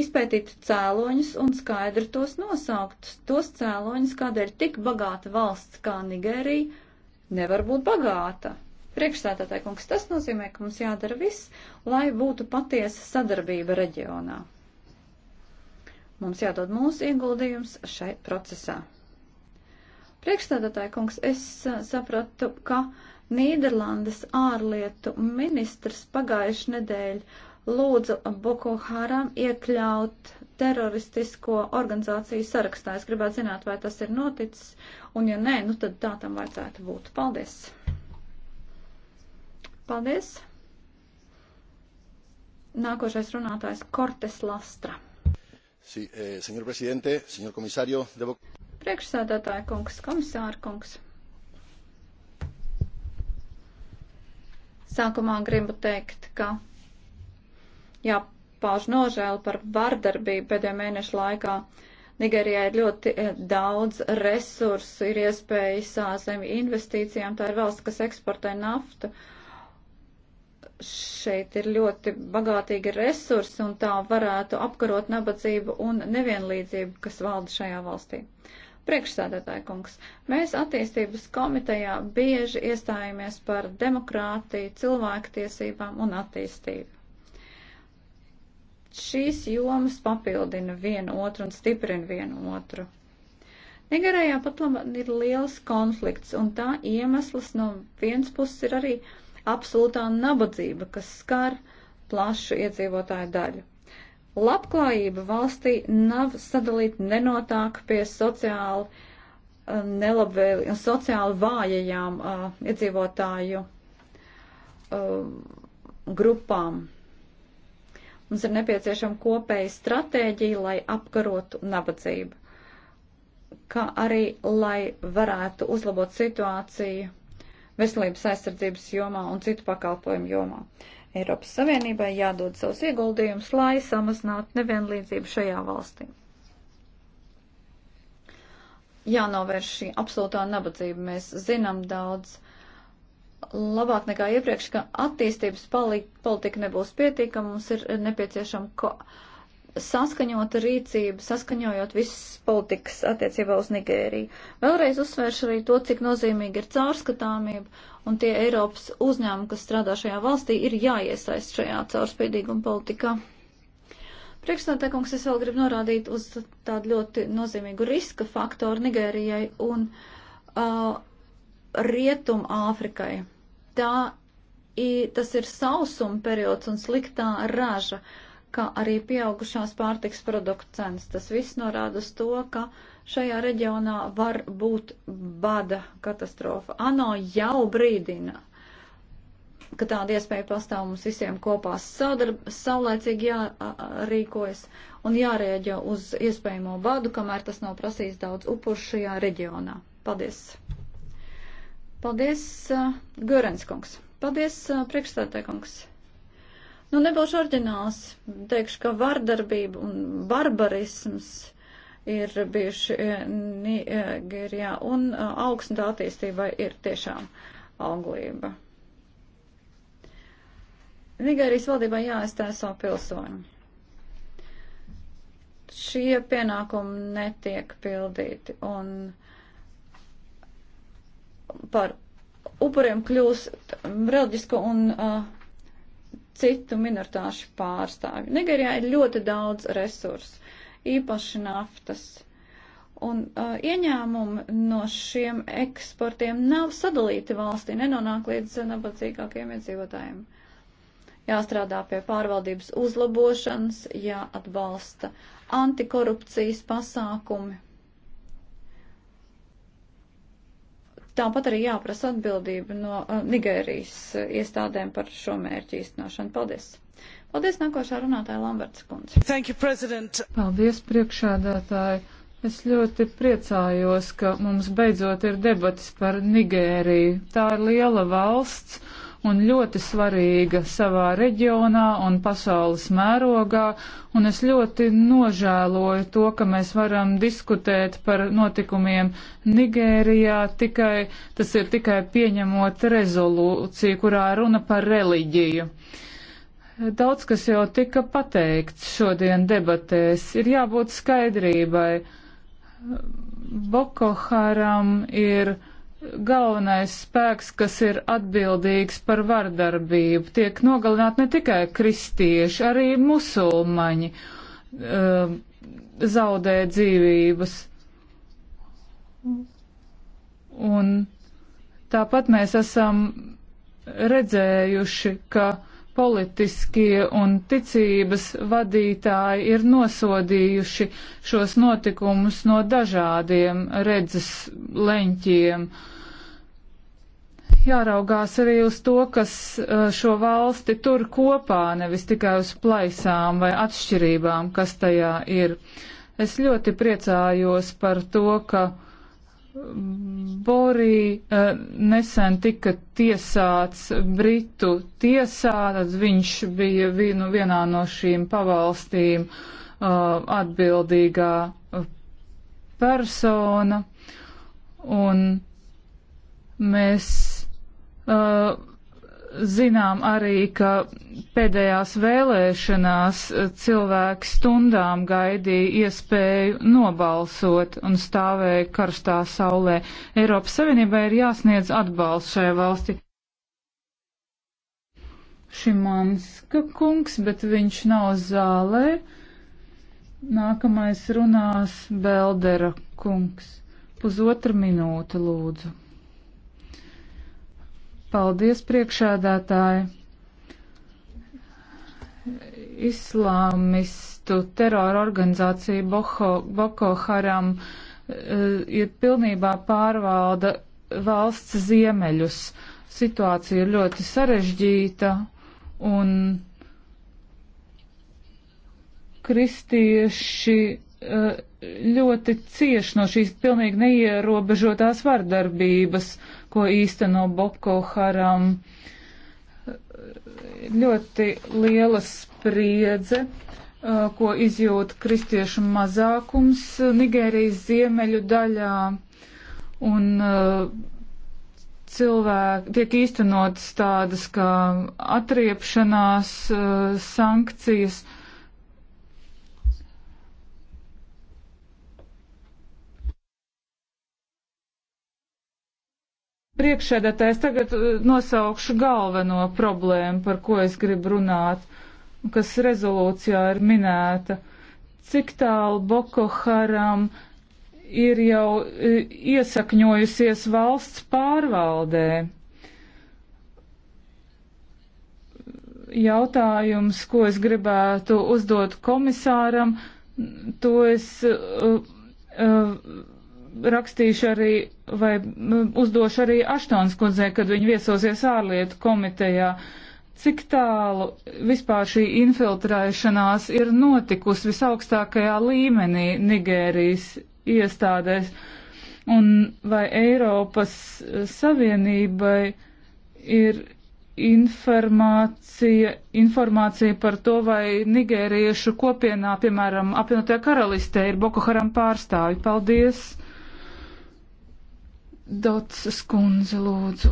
izpētīt cēloņus un skaidri tos nosaukt. Tos cēloņus, kādēļ tik bagāta valsts kā Nigērija nevar būt bagāta. Priekšstādātāji kungs, tas nozīmē, ka mums jādara viss, lai būtu patiesa sadarbība reģionā. Mums jādod mūsu ieguldījums šai procesā. Priekšstādātāji kungs, es eh, sapratu, ka Nīderlandes ārlietu ministrs pagājuši nedēļu lūdzu Boko Haram iekļaut teroristisko organizāciju sarakstā. Es gribētu zināt, vai tas ir noticis, un ja nē, nu tad tā tam vajadzētu būt. Paldies! Paldies! Nākošais runātājs Kortes Lastra. Sí, eh, señor presidente, señor komisario, debo... Priekšsēdētāja kungs, komisāra kungs. Sākumā gribu teikt, ka jāpauž nožēla par vardarbību pēdējo mēnešu laikā. Nigērijā ir ļoti eh, daudz resursu, ir iespējas ārzemju investīcijām, tā ir valsts, kas eksportē naftu. Šeit ir ļoti bagātīgi resursi, un tā varētu apkarot nabadzību un nevienlīdzību, kas valda šajā valstī. Priekšsēdētāja kungs, mēs attīstības komitejā bieži iestājamies par demokrātiju, cilvēktiesībām un attīstību. Šīs jomas papildina vienu otru un stiprina vienu otru. Nigerijā pat ir liels konflikts, un tā iemesls no vienas puses ir arī absolūtā nabadzība, kas skar plašu iedzīvotāju daļu. Labklājība valstī nav sadalīta nenotāk pie sociāli eh, nelabvēli un sociāli vājajām uh, iedzīvotāju uh, grupām. Mums ir nepieciešama kopēja stratēģija, lai apkarotu nabadzību, kā arī, lai varētu uzlabot situāciju veselības aizsardzības jomā un citu pakalpojumu jomā. Eiropas Savienībai jādod savus ieguldījumus, lai samazinātu nevienlīdzību šajā valstī. Jānovērš šī absolūtā nabadzība. Mēs zinām daudz uh, labāk nekā iepriekš, ka attīstības politika nebūs pietiekama, mums ir nepieciešama saskaņota rīcība, saskaņojot visas politikas attiecībā uz Nigēriju. Vēlreiz uzsvēršu arī to, cik nozīmīgi ir caurskatāmība, un tie Eiropas uzņēmumi, kas strādā šajā valstī, ir jāiesaist šajā caurspīdīguma politikā. Priekšstādākums es vēl gribu norādīt uz tādu ļoti nozīmīgu riska faktoru Nigērijai un uh, Rietum Āfrikai tā, tas ir sausuma periods un sliktā raža, kā arī pieaugušās pārtiks produktu cenas. Tas viss norāda uz to, ka šajā reģionā var būt bada katastrofa. ANO jau brīdina ka tāda iespēja pastāv mums visiem kopā sadarb, saulēcīgi jārīkojas un jārēģē uz iespējamo badu, kamēr tas nav prasījis daudz upuru šajā reģionā. Paldies! Paldies, uh, Görens kungs. Paldies, uh, priekšstādē kungs. Nu, nebūšu orģināls. Teikšu, ka vardarbība un barbarisms ir bijuši uh, Nigērijā un uh, augsne tā attīstībai ir tiešām auglība. Nigērijas valdībā jāaizstāj savu pilsoņu. Šie pienākumi netiek pildīti un par upuriem kļūst reliģisko un uh, citu minoritāšu pārstāvi. Nigerijā ir ļoti daudz resursu, īpaši naftas. Un uh, ieņēmumi no šiem eksportiem nav sadalīti valstī, nenonāk līdz nabadzīgākiem iedzīvotājiem. Jāstrādā pie pārvaldības uzlabošanas, jāatbalsta antikorupcijas pasākumi Tāpat arī jāprasa atbildība no uh, Nigērijas eh, iestādēm par šo mērķu īstenošanu. Paldies! Paldies nākošā runātāja Lamberts kundze. Thank you, President! Paldies, priekšādātāji! Es ļoti priecājos, ka mums beidzot ir debatas par Nigēriju. Tā ir liela valsts un ļoti svarīga savā reģionā un pasaules mērogā, un es ļoti nožēloju to, ka mēs varam diskutēt par notikumiem Nigērijā tikai, tas ir tikai pieņemot rezolūciju, kurā runa par reliģiju. Daudz kas jau tika pateikts šodien debatēs, ir jābūt skaidrībai. Boko Haram ir galvenais spēks, kas ir atbildīgs par vardarbību, tiek nogalināti ne tikai kristieši, arī musulmaņi uh, zaudē dzīvības. Un tāpat mēs esam redzējuši, ka politiskie un ticības vadītāji ir nosodījuši šos notikumus no dažādiem redzes leņķiem. Uh, jāraugās arī uz to, kas eh, šo valsti tur kopā, nevis tikai uz plaisām vai atšķirībām, kas tajā ir. Es ļoti priecājos par to, ka Borī eh, nesen tika tiesāts Britu tiesā, tad viņš bija vienu, vienā no šīm pavalstīm eh, atbildīgā persona. Un mēs Uh, zinām arī, ka pēdējās vēlēšanās eh, cilvēki stundām gaidīja iespēju nobalsot un stāvēja karstā saulē. Eiropas Savienībai ir jāsniedz atbalsts šai valsti. Šimanska kungs, bet viņš nav zālē. Nākamais runās Beldera kungs. Pusotra minūte, lūdzu. Paldies, priekšādātāji! Islāmistu terora organizācija Boko, Boko Haram eh, ir pilnībā pārvalda valsts ziemeļus. Situācija ir ļoti sarežģīta un kristieši eh, ļoti cieš no šīs pilnīgi neierobežotās vardarbības. Uh, ko īsteno Boko Haram. Ļoti liela spriedze, uh, ko izjūt kristiešu mazākums Nigērijas ziemeļu daļā. Un uh, cilvēki tiek īstenotas tādas kā atriepšanās uh, sankcijas. Priekšsēdētājs tagad uh, nosaukšu galveno problēmu, par ko es gribu runāt, kas rezolūcijā ir minēta. Cik tālu Boko Haram ir jau uh, iesakņojusies valsts pārvaldē? Jautājums, ko es gribētu uzdot komisāram, to es. Uh, uh, rakstīšu arī vai nu, uzdošu arī Aštons kundzei, kad viņi viesosies ārlietu komitejā. Cik tālu vispār šī infiltrēšanās ir notikusi visaugstākajā līmenī Nigērijas iestādēs? Un vai Eiropas Savienībai ir informācija, informācija par to, vai nigēriešu kopienā, piemēram, apvienotajā karalistē ir Boko Haram pārstāvi. Paldies! Dots skundze lūdzu.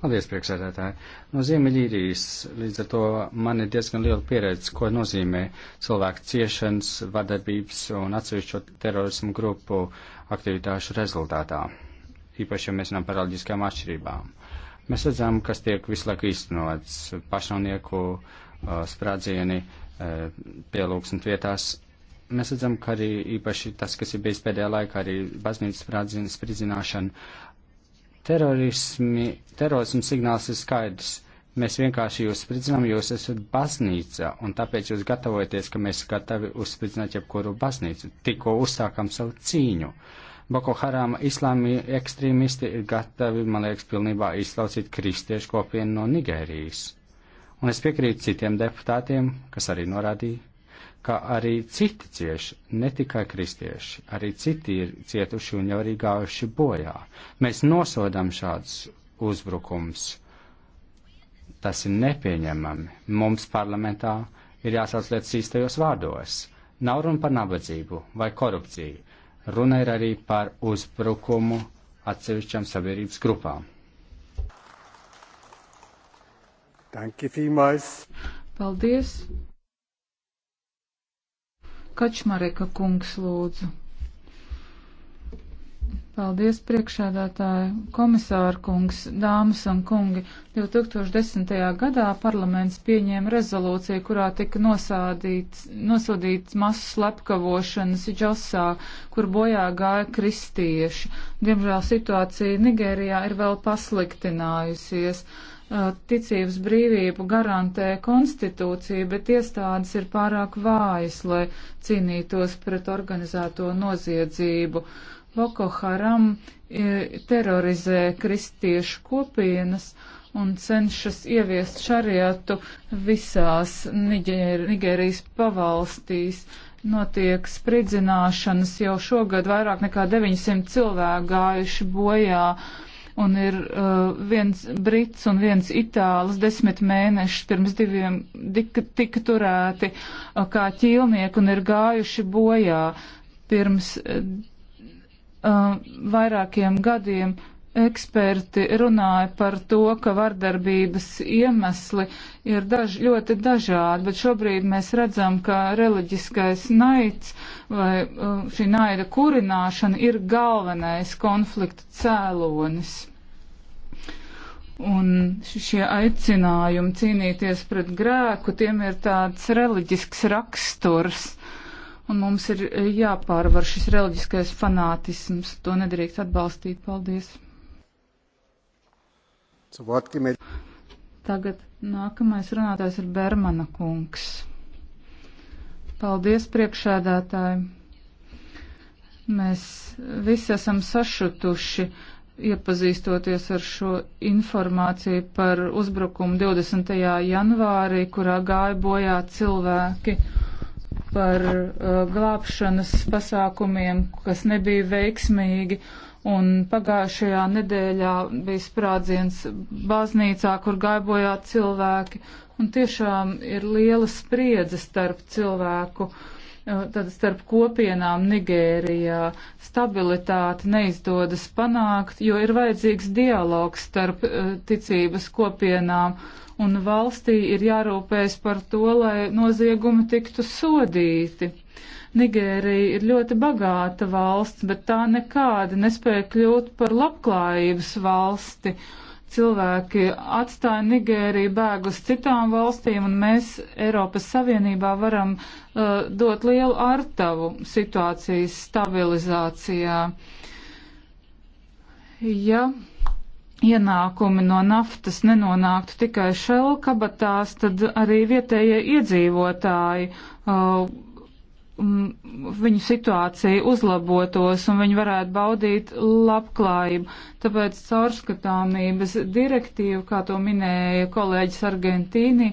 Paldies, priekšsēdētāji. No Ziemeļīrijas līdz ar to man ir diezgan liela pieredze, ko nozīmē cilvēku ciešanas, vadarbības un atsevišķo terorismu grupu aktivitāšu rezultātā. Īpaši, ja mēs runājam par reliģiskajām atšķirībām. Mēs redzam, kas tiek visu laiku īstenots pašnamnieku uh, sprādzieni uh, pielūgsmu vietās mēs redzam, ka arī īpaši tas, kas ir bijis pēdējā laikā, arī baznīcas spridzināšana, terorismi, terorismu signāls ir skaidrs. Mēs vienkārši jūs spridzinām, jūs esat baznīca, un tāpēc jūs gatavojaties, ka mēs gatavi uzspridzināt jebkuru baznīcu. Tikko uzsākam savu cīņu. Boko Haram islāmi ekstrīmisti ir gatavi, man liekas, pilnībā izslaucīt kristiešu kopienu no Nigērijas. Un es piekrītu citiem deputātiem, kas arī norādīja, ka arī citi cieši, ne tikai kristieši, arī citi ir cietuši un jau arī gājuši bojā. Mēs nosodam šādus uzbrukums. Tas ir nepieņemami. Mums parlamentā ir jāsauc lietas īstajos vārdos. Nav runa par nabadzību vai korupciju. Runa ir arī par uzbrukumu atsevišķam sabiedrības grupām. Danke vielmals. Paldies. Kačmareka kungs lūdzu. Paldies priekšādātāja komisāra kungs, dāmas un kungi. 2010. gadā parlaments pieņēma rezolūciju, kurā tika nosādīts, nosodīts masu slepkavošanas džosā, kur bojā gāja kristieši. Diemžēl situācija Nigērijā ir vēl pasliktinājusies. Uh, ticības brīvību garantē konstitūcija, bet iestādes ir pārāk vājas, lai cīnītos pret organizēto noziedzību. Boko Haram terorizē kristiešu kopienas un cenšas ieviest šariatu visās Niģēri, Nigērijas pavalstīs. Notiek spridzināšanas jau šogad vairāk nekā 900 cilvēku gājuši bojā. Uh, un ir uh, viens brits un viens itālis desmit mēnešus pirms diviem tika, tika turēti uh, kā ķīlnieki un ir gājuši bojā pirms uh, uh vairākiem gadiem. Eksperti runāja par to, ka vardarbības iemesli ir daž, ļoti dažādi, bet šobrīd mēs redzam, ka reliģiskais naids vai uh, šī naida kurināšana ir galvenais konflikta cēlonis. Un šie aicinājumi cīnīties pret grēku, tiem ir tāds reliģisks raksturs. Un mums ir jāpārvar šis reliģiskais fanātisms. To nedrīkst atbalstīt. Paldies! Tagad nākamais runātājs ir Bermana kungs. Paldies priekšēdētāji. Mēs visi esam sašutuši, iepazīstoties ar šo informāciju par uzbrukumu 20. janvārī, kurā gāja bojā cilvēki par uh, glābšanas pasākumiem, kas nebija veiksmīgi. Uh, un pagājušajā nedēļā bija sprādziens baznīcā, kur gaibojā cilvēki, un tiešām ir liela spriedze starp cilvēku, eh, tad starp kopienām Nigērijā. Stabilitāti neizdodas panākt, jo ir vajadzīgs dialogs starp eh, ticības kopienām, un valstī ir jārūpējas par to, lai noziegumi tiktu sodīti. Uh, Nigērija ir ļoti bagāta valsts, bet tā nekādi nespēja kļūt par labklājības valsti. Cilvēki atstāja Nigēriju, bēg uz citām valstīm, un mēs Eiropas Savienībā varam uh, dot lielu artavu situācijas stabilizācijā. Ja ienākumi no naftas nenonāktu tikai šelkabatās, tad arī vietējie iedzīvotāji uh, viņu situācija uzlabotos un viņi varētu baudīt labklājību. Tāpēc caurskatāmības direktīva, kā to minēja kolēģis Argentīni,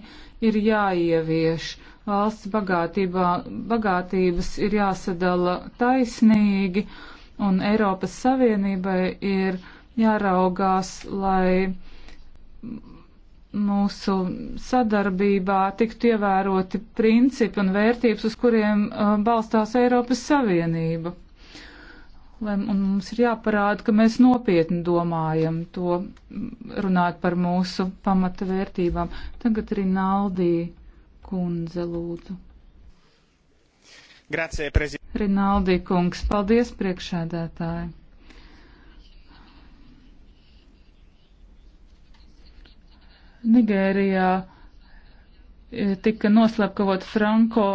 ir jāievieš. Valsts bagātībā, bagātības ir jāsadala taisnīgi un Eiropas Savienībai ir jāraugās, lai mūsu sadarbībā tiktu ievēroti principi un vērtības, uz kuriem uh, balstās Eiropas Savienība. Lai, un mums ir jāparāda, ka mēs nopietni domājam to runāt par mūsu pamata vērtībām. Tagad arī Naldī kundze lūdzu. Grazie, prezident. Rinaldi kungs, paldies priekšēdētāji. Nigērijā e, tika noslepkavot Franko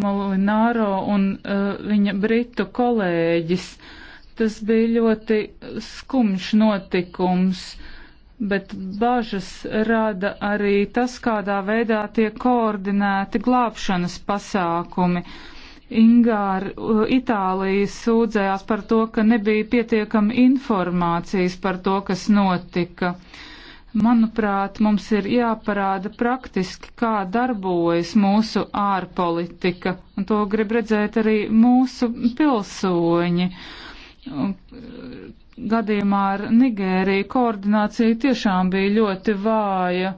Molinaro un uh, viņa britu kolēģis. Tas bija ļoti skumjš notikums, bet bažas rada arī tas, kādā veidā tiek koordinēti glābšanas pasākumi. Ingāri Itālija sūdzējās par to, ka nebija pietiekami informācijas par to, kas notika. Uh, Manuprāt, mums ir jāparāda praktiski, kā darbojas mūsu ārpolitika, un to grib redzēt arī mūsu pilsoņi. Eh, gadījumā ar Nigēriju koordinācija tiešām bija ļoti vāja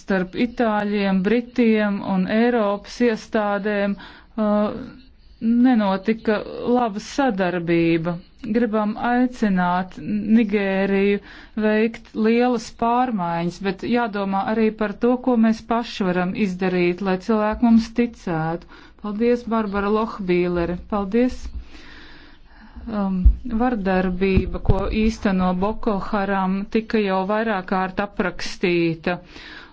starp Itāļiem, Britiem un Eiropas iestādēm uh, nenotika laba sadarbība gribam aicināt Nigēriju veikt lielas pārmaiņas, bet jādomā arī par to, ko mēs paši varam izdarīt, lai cilvēki mums ticētu. Paldies, Barbara Lohbīleri. Paldies. Um, vardarbība, ko īsteno Boko Haram, tika jau vairāk kārt aprakstīta.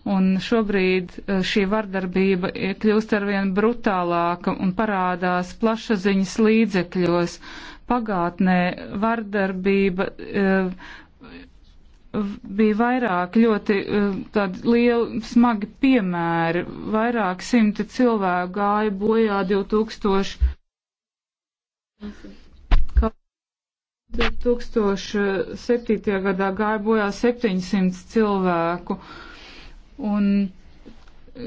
Un šobrīd uh, šī vardarbība eh, kļūst arvien brutālāka un parādās plašaziņas līdzekļos pagātnē vardarbība eh, bija vairāk ļoti eh, tādi lieli, smagi piemēri. Vairāk simti cilvēku gāja bojā 2000. 2007. gadā gāja bojā 700 cilvēku. Un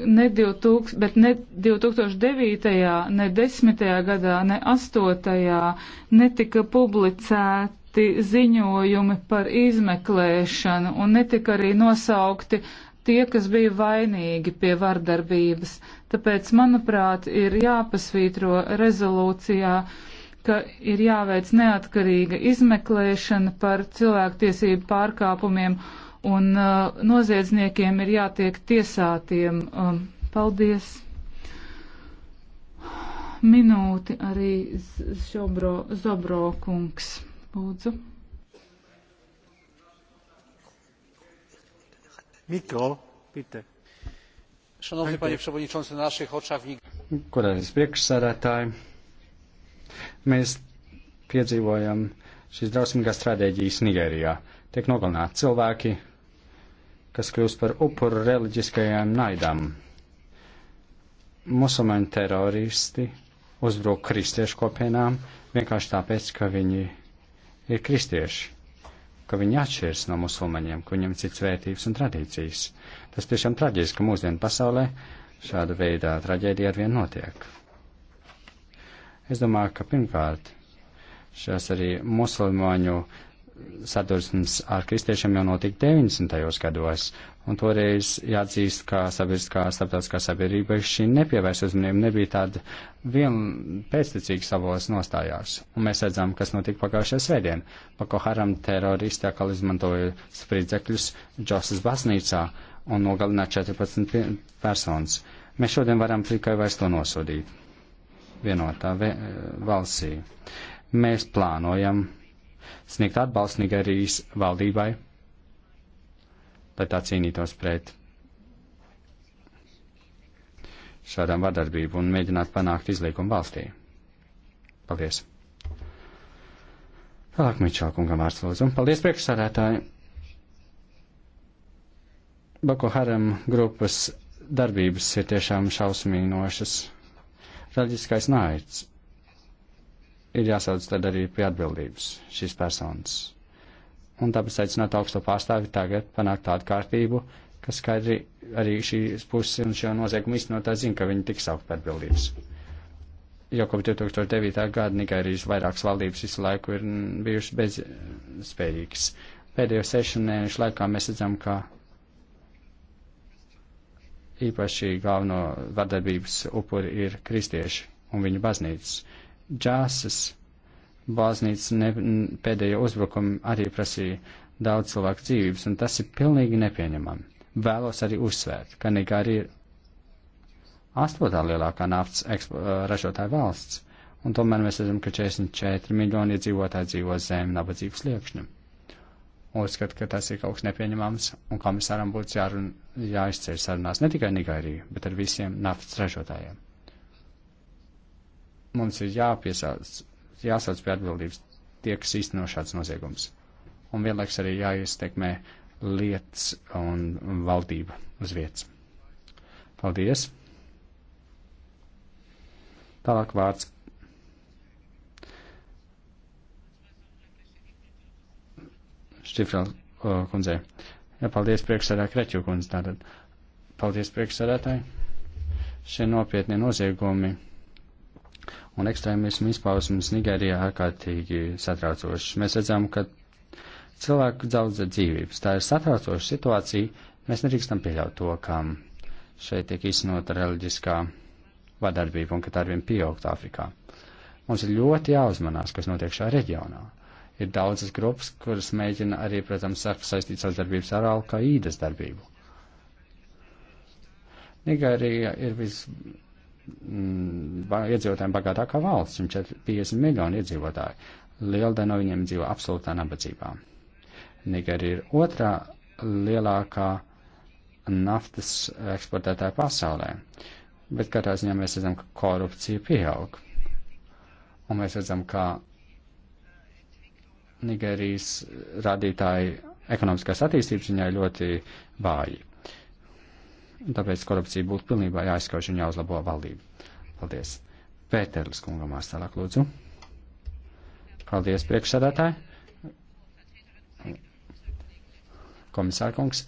ne 2000, bet ne 2009., ne 10. gadā, ne 8. netika publicēti ziņojumi par izmeklēšanu un netika arī nosaukti tie, kas bija vainīgi pie vardarbības. Tāpēc, manuprāt, ir jāpasvītro rezolūcijā, ka ir jāveic neatkarīga izmeklēšana par cilvēktiesību pārkāpumiem un uh, noziedzniekiem ir jātiek tiesātiem. Um, paldies! Minūti arī Zobro, Zobro kungs. Lūdzu. Mikro, pite. Szanowny panie przewodniczący, na naszych oczach Godātais priekšsēdētāji, mēs piedzīvojam šīs drausmīgās stratēģijas Nigērijā. Tiek nogalināti cilvēki, kas kļūst par upuru reliģiskajām naidām. Musulmaņu teroristi uzbruk kristiešu kopienām vienkārši tāpēc, ka viņi ir kristieši, ka viņi atšķiras no musulmaņiem, ka viņiem cits vērtības un tradīcijas. Tas tiešām traģiski, ka mūsdienu pasaulē šāda veidā traģēdija arvien notiek. Es domāju, ka pirmkārt šās arī musulmaņu sadursmes ar kristiešiem jau notika 90. gados, un toreiz jāatzīst, ka sabiedriskā starptautiskā sabiedrība šī nepievērs uzmanību, nebija tāda vien pēcticīga savos nostājās. Un mēs redzam, kas notika pagājušajā svētdien. Pako haram teroristi atkal izmantoja spridzekļus Džosas baznīcā un nogalināja 14 personas. Mēs šodien varam tikai vairs to nosodīt vienotā valstī. Mēs plānojam sniegt atbalstu Nigērijas valdībai, lai tā cīnītos pret šādām vardarbību un mēģinātu panākt izlīkumu valstī. Paldies! Tālāk Mičā kungam vārds lūdzu. Paldies priekšsādātāji! Boko Haram grupas darbības ir tiešām šausmīnošas. Raģiskais naids ir jāsauc tad arī pie atbildības šīs personas. Un tāpēc aicināt augsto pārstāvi tagad panākt tādu kārtību, ka skaidri arī šīs puses un šo noziegumu īstenotā zina, ka viņi tiks saukt par atbildības. Jo kopš 2009. gada Nigērijas vairākas valdības visu laiku ir bijušas bezspējīgas. Pēdējo sešu mēnešu laikā mēs redzam, ka īpaši galveno vardarbības upuri ir kristieši un viņu baznīcas džāsas baznīcas ne, pēdējo uzbrukumu arī prasīja daudz cilvēku dzīvības, un tas ir pilnīgi nepieņemami. Vēlos arī uzsvērt, ka Nigāri ir astotā lielākā naftas ekspo, ražotāja valsts, un tomēr mēs redzam, ka 44 miljoni iedzīvotāji dzīvo zem nabadzības liekšņa. Uzskatu, ka tas ir kaut kas nepieņemams, un komisāram būtu jārun, jāizceļ sarunās ne tikai Nigāriju, bet ar visiem naftas ražotājiem mums ir jāpiesāc, jāsauc pie atbildības tie, kas īsteno šāds noziegums. Un vienlaiks arī jāiztekmē lietas un valdība uz vietas. Paldies! Tālāk vārds. Šķifrēl kundzei. Jā, paldies priekšsēdā Kreķu kundze. Tātad, paldies priekšsēdētāji. Šie nopietni noziegumi un ekstrēmismu izpausmes Nigērijā ārkārtīgi satraucošas. Mēs redzam, ka cilvēku daudz dzīvības. Tā ir satraucoša situācija. Mēs nedrīkstam pieļaut to, ka šeit tiek iznota reliģiskā vadarbība un ka tā arvien pieaugt Āfrikā. Mums ir ļoti jāuzmanās, kas notiek šajā reģionā. Ir daudzas grupas, kuras mēģina arī, protams, saistīt savas darbības ar Alkaīdas darbību. Nigērija ir vis Mm, iedzīvotājiem bagātākā valsts, 150 miljoni iedzīvotāji. Liela daļa no viņiem dzīvo absolūtā nabadzībā. Nigērija ir otrā lielākā naftas eksportētāja pasaulē, bet katrā ziņā mēs redzam, ka korupcija pieaug. Un mēs redzam, ka Nigērijas radītāji ekonomiskās attīstības ziņā ļoti vāji un tāpēc korupcija būtu pilnībā jāizskauž un jāuzlabo valdību. Paldies. Pēterlis kungam ārstāk lūdzu. Paldies, priekšsēdētāji. Komisārkungs,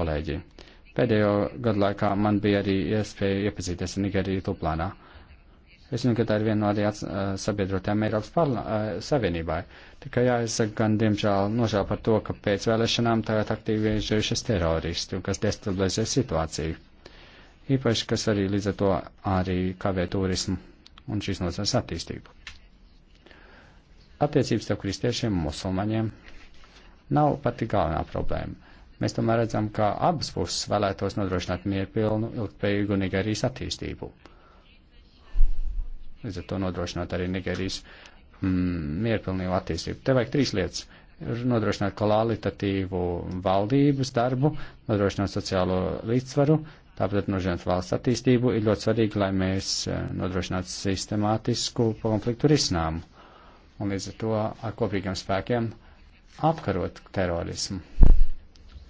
kolēģi. Pēdējo gadu laikā man bija arī iespēja iepazīties ar Nigeriju Tuplānā. Uh, Es zinu, ka tā ir viena no arī ats, uh, sabiedrotēm Eiropas parla, uh, Savienībai. Tikai jāizsaka gan, diemžēl, nožēl par to, ka pēc vēlēšanām tagad aktīvi iežējušies teroristi, kas destabilizē situāciju. Īpaši, kas arī līdz ar to arī kavē turismu un šīs nozars attīstību. Attiecības starp kristiešiem un musulmaņiem nav pati galvenā problēma. Mēs tomēr redzam, ka abas puses vēlētos nodrošināt mierpilnu, ilgspējīgu un arī attīstību līdz ar to nodrošināt arī Nigērijas mm, mierpilnīgu attīstību. Te vajag trīs lietas - nodrošināt kvalitatīvu valdības darbu, nodrošināt sociālo līdzsvaru, tāpat nodrošināt valsts attīstību. Ir ļoti svarīgi, lai mēs eh, nodrošinātu sistemātisku konfliktu risinājumu un līdz ar to ar kopīgiem spēkiem apkarot terorismu.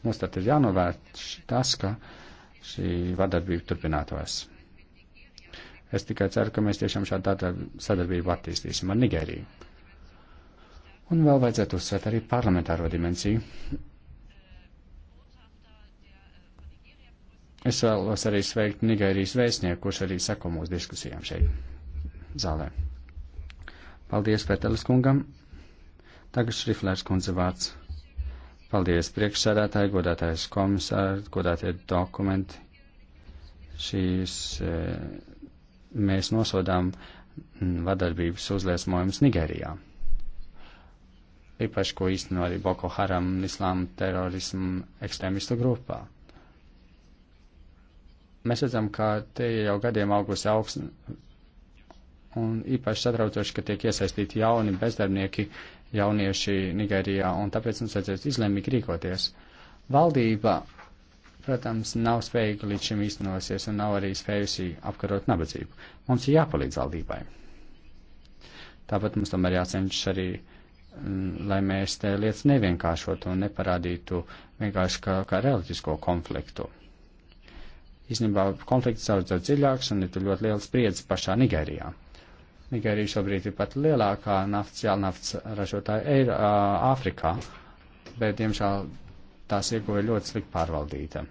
Mums tad ir jānovērš tas, ka šī vadarbība turpinātos. Es tikai ceru, ka mēs tiešām šādu sadarbību attīstīsim ar Nigēriju. Un vēl vajadzētu uzsvērt arī parlamentāro dimensiju. Es vēlos arī sveikt Nigērijas vēstnieku, kurš arī seko mūsu diskusijām šeit zālē. Paldies Pētelis kungam. Tagad Šriflērs kundze vārds. Paldies priekšsēdētāji, godātais komisāri, godātie dokumenti. Šīs. E, mēs nosodām mm, vadarbības uzliesmojumus Nigērijā. Īpaši, ko īsteno arī Boko Haram, islāma terorismu ekstrēmistu grupā. Mēs redzam, ka te jau gadiem augus augs, un īpaši satraucoši, ka tiek iesaistīti jauni bezdarbnieki, jaunieši Nigērijā, un tāpēc mums vajadzētu izlēmīgi rīkoties. Valdība protams, nav spējīga līdz šim īstenosies un nav arī spējusi apkarot nabadzību. Mums ir jāpalīdz valdībai. Tāpat mums tomēr jācenšas arī, mm, lai mēs te lietas nevienkāršotu un neparādītu vienkārši kā, kā reliģisko konfliktu. Īstenībā konflikts daudz, daudz dziļāks un ir ļoti liels spriedzes pašā Nigērijā. Nigērija šobrīd ir pat lielākā naftas, jēlnaftas ražotāja Āfrikā, bet, diemžēl, tās ieguve ļoti slikti pārvaldīta.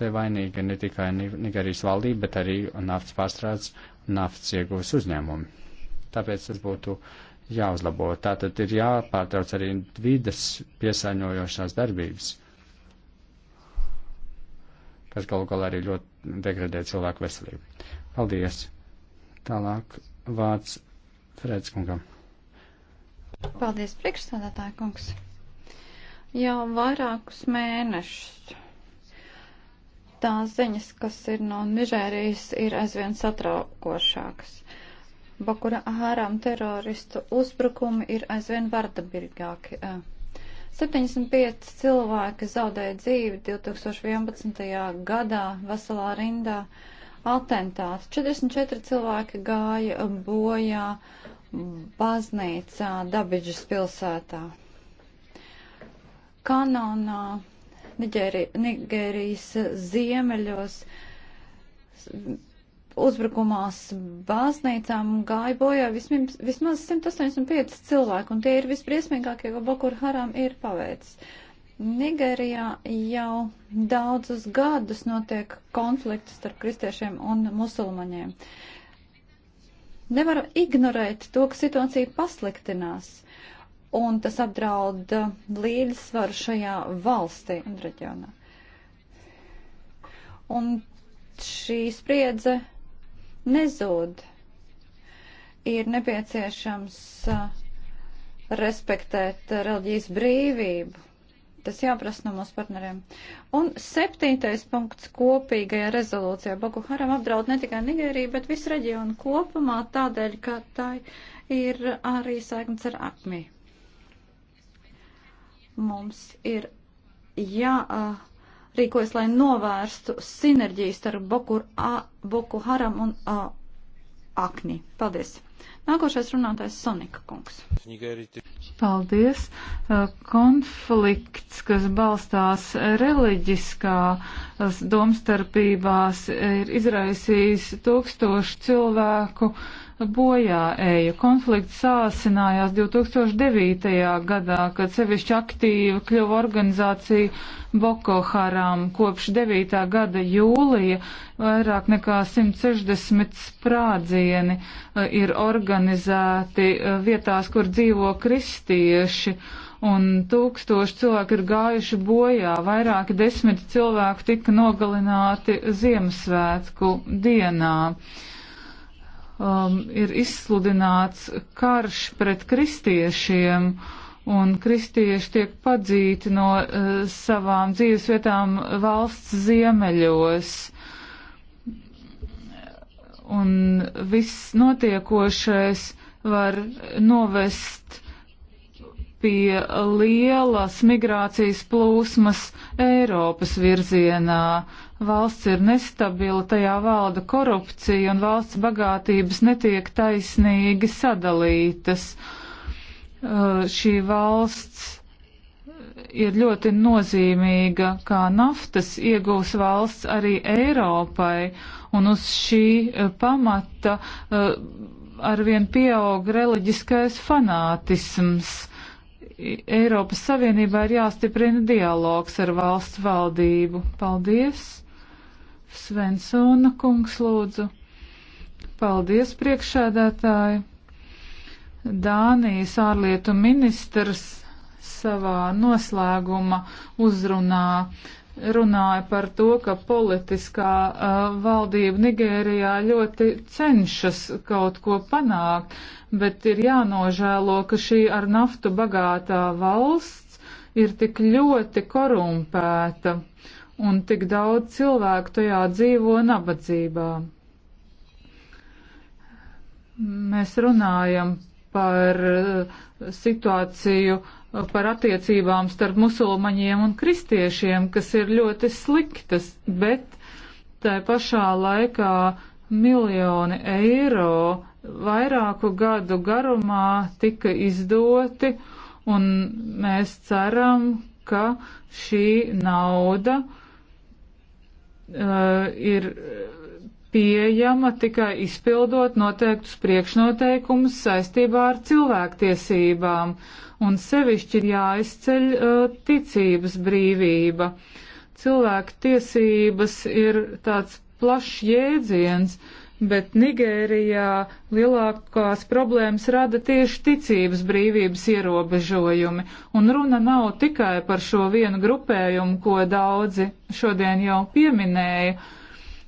Te vainīga ne tikai Nigerijas valdība, bet arī naftas pārstrādes un naftas ieguves uzņēmumi. Tāpēc tas būtu jāuzlabo. Tātad ir jāpārtrauc arī vidas piesāņojošās darbības, kas galu galā arī ļoti degradē cilvēku veselību. Paldies! Tālāk vārds Fredskungam. Paldies, priekšstādātāja kungs! jau vairākus mēnešus. Tās ziņas, kas ir no Nižērijas, ir aizvien satraukošākas. Bakura ārām teroristu uzbrukumi ir aizvien vardabirgāki. 75 cilvēki zaudēja dzīvi 2011. gadā veselā rindā atentāts. 44 cilvēki gāja bojā baznīcā Dabidžas pilsētā kanonā, Nigēri, Nigērijas ziemeļos, uzbrukumās baznīcām gāja bojā vismaz, vismaz 185 cilvēku, un tie ir visbriesmīgākie, ko Bokur Haram ir paveicis. Nigērijā jau daudzus gadus notiek konflikts starp kristiešiem un musulmaņiem. Nevaru ignorēt to, ka situācija pasliktinās un tas apdraud līdzsvaru šajā valstī un reģionā. Un šī spriedze nezūd. Ir nepieciešams respektēt reliģijas brīvību. Tas jāprasa no mūsu partneriem. Un septītais punkts kopīgajā rezolūcijā. Boku Haram apdraud ne tikai Nigēriju, bet visu reģionu kopumā tādēļ, ka tā ir arī saiknes ar akmiju. Mums ir jārīkojas, lai novērstu sinerģijas starp Boku, Boku Haram un a, Akni. Paldies! Nākošais runātājs Sonika kungs. Paldies. Konflikts, kas balstās reliģiskā domstarpībās, ir izraisījis tūkstošu cilvēku bojā eja. Konflikts sāsinājās 2009. gadā, kad sevišķi aktīva kļuva organizācija Boko Haram. Kopš 9. gada jūlija vairāk nekā 160 sprādzieni eh, ir organizēti eh, vietās, kur dzīvo kristieši. Un tūkstoši cilvēki ir gājuši bojā, vairāki desmit cilvēki tika nogalināti Ziemassvētku dienā. Uh, um, ir izsludināts karš pret kristiešiem, un kristieši tiek padzīti no uh, savām dzīvesvietām valsts ziemeļos. Un viss notiekošais var novest pie lielas migrācijas plūsmas Eiropas virzienā valsts ir nestabila, tajā valda korupcija un valsts bagātības netiek taisnīgi sadalītas. Uh, šī valsts ir ļoti nozīmīga kā naftas iegūs valsts arī Eiropai, un uz šī uh, pamata uh, arvien pieaug reliģiskais fanātisms. Eiropas Savienībā ir jāstiprina dialogs ar valsts valdību. Paldies! Svensona kungs lūdzu. Paldies priekšēdētāji. Dānijas ārlietu ministrs savā noslēguma uzrunā runāja par to, ka politiskā uh, valdība Nigērijā ļoti cenšas kaut ko panākt, bet ir jānožēlo, ka šī ar naftu bagātā valsts ir tik ļoti korumpēta un tik daudz cilvēku tajā dzīvo nabadzībā. Mēs runājam par uh, situāciju, uh, par attiecībām starp musulmaņiem un kristiešiem, kas ir ļoti sliktas, bet tā pašā laikā miljoni eiro vairāku gadu garumā tika izdoti, un mēs ceram, ka šī nauda uh, uh, ir pieejama tikai izpildot noteiktus priekšnoteikumus saistībā ar cilvēktiesībām, un sevišķi ir jāizceļ uh, ticības brīvība. Cilvēktiesības ir tāds plašs jēdziens, uh, bet Nigērijā lielākās problēmas rada tieši ticības brīvības ierobežojumi. Un runa nav tikai par šo vienu grupējumu, ko daudzi šodien jau pieminēja.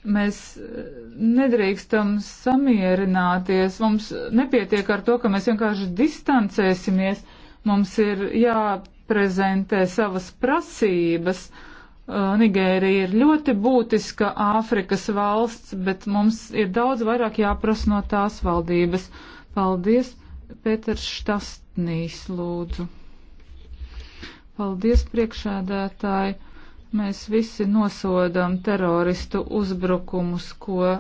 Mēs eh, nedrīkstam samierināties, mums nepietiek ar to, ka mēs vienkārši distancēsimies, mums ir jāprezentē savas prasības. Uh, Nigērija ir ļoti būtiska Āfrikas valsts, bet mums ir daudz vairāk jāprasa no tās valdības. Paldies, Pēters Štastnīs, lūdzu. Paldies, priekšēdētāji. Mēs visi nosodam teroristu uzbrukumus, ko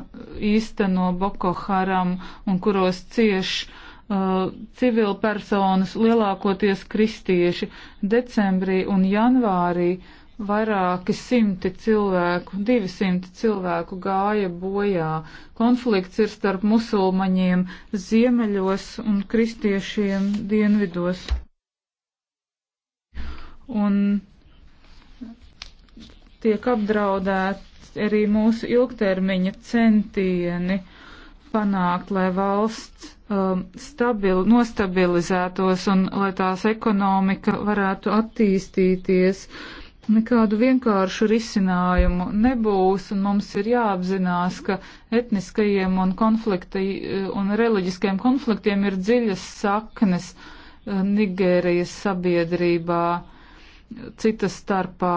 īsteno Boko Haram un kuros cieš uh, civilpersonas, lielākoties kristieši. Decembrī un janvārī uh, vairāki simti cilvēku, 200 cilvēku gāja bojā. Konflikts ir starp musulmaņiem ziemeļos un kristiešiem dienvidos. Un tiek apdraudēts arī mūsu ilgtermiņa centieni panākt, lai valsts um, stabil, nostabilizētos un lai tās ekonomika varētu attīstīties. Uh, Nekādu vienkāršu risinājumu nebūs, un mums ir jāapzinās, ka etniskajiem un, un reliģiskajiem konfliktiem ir dziļas saknes eh, Nigērijas sabiedrībā, citas starpā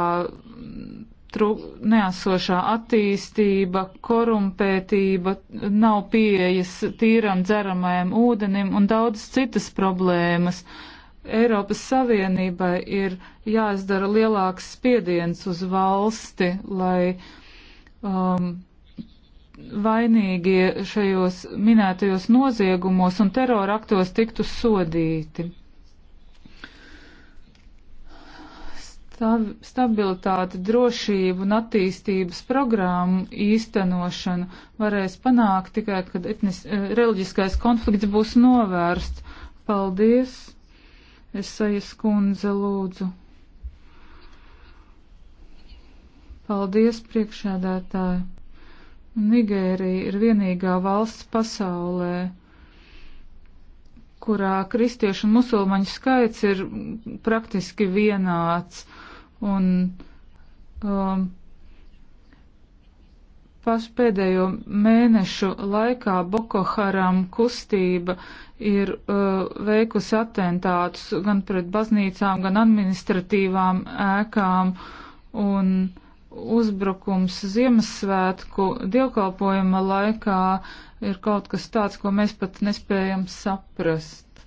neasošā attīstība, korumpētība, nav pieejas tīram dzeramajam ūdenim un daudz citas problēmas Eiropas Savienībai ir jāizdara lielāks spiediens uz valsti, lai um, vainīgie šajos minētajos noziegumos un teroraktos tiktu sodīti. stabilitāti, drošību un attīstības programmu īstenošanu varēs panākt tikai, kad etnis, eh, reliģiskais konflikts būs novērsts. Paldies! Esajas kundze lūdzu. Paldies, priekšēdētāji. Nigērija ir vienīgā valsts pasaulē, kurā kristiešu un musulmaņu skaits ir praktiski vienāds. Un, um, Pas pēdējo mēnešu laikā Boko Haram kustība ir uh, veikusi atentātus gan pret baznīcām, gan administratīvām ēkām un uzbrukums Ziemassvētku dievkalpojuma laikā ir kaut kas tāds, ko mēs pat nespējam saprast.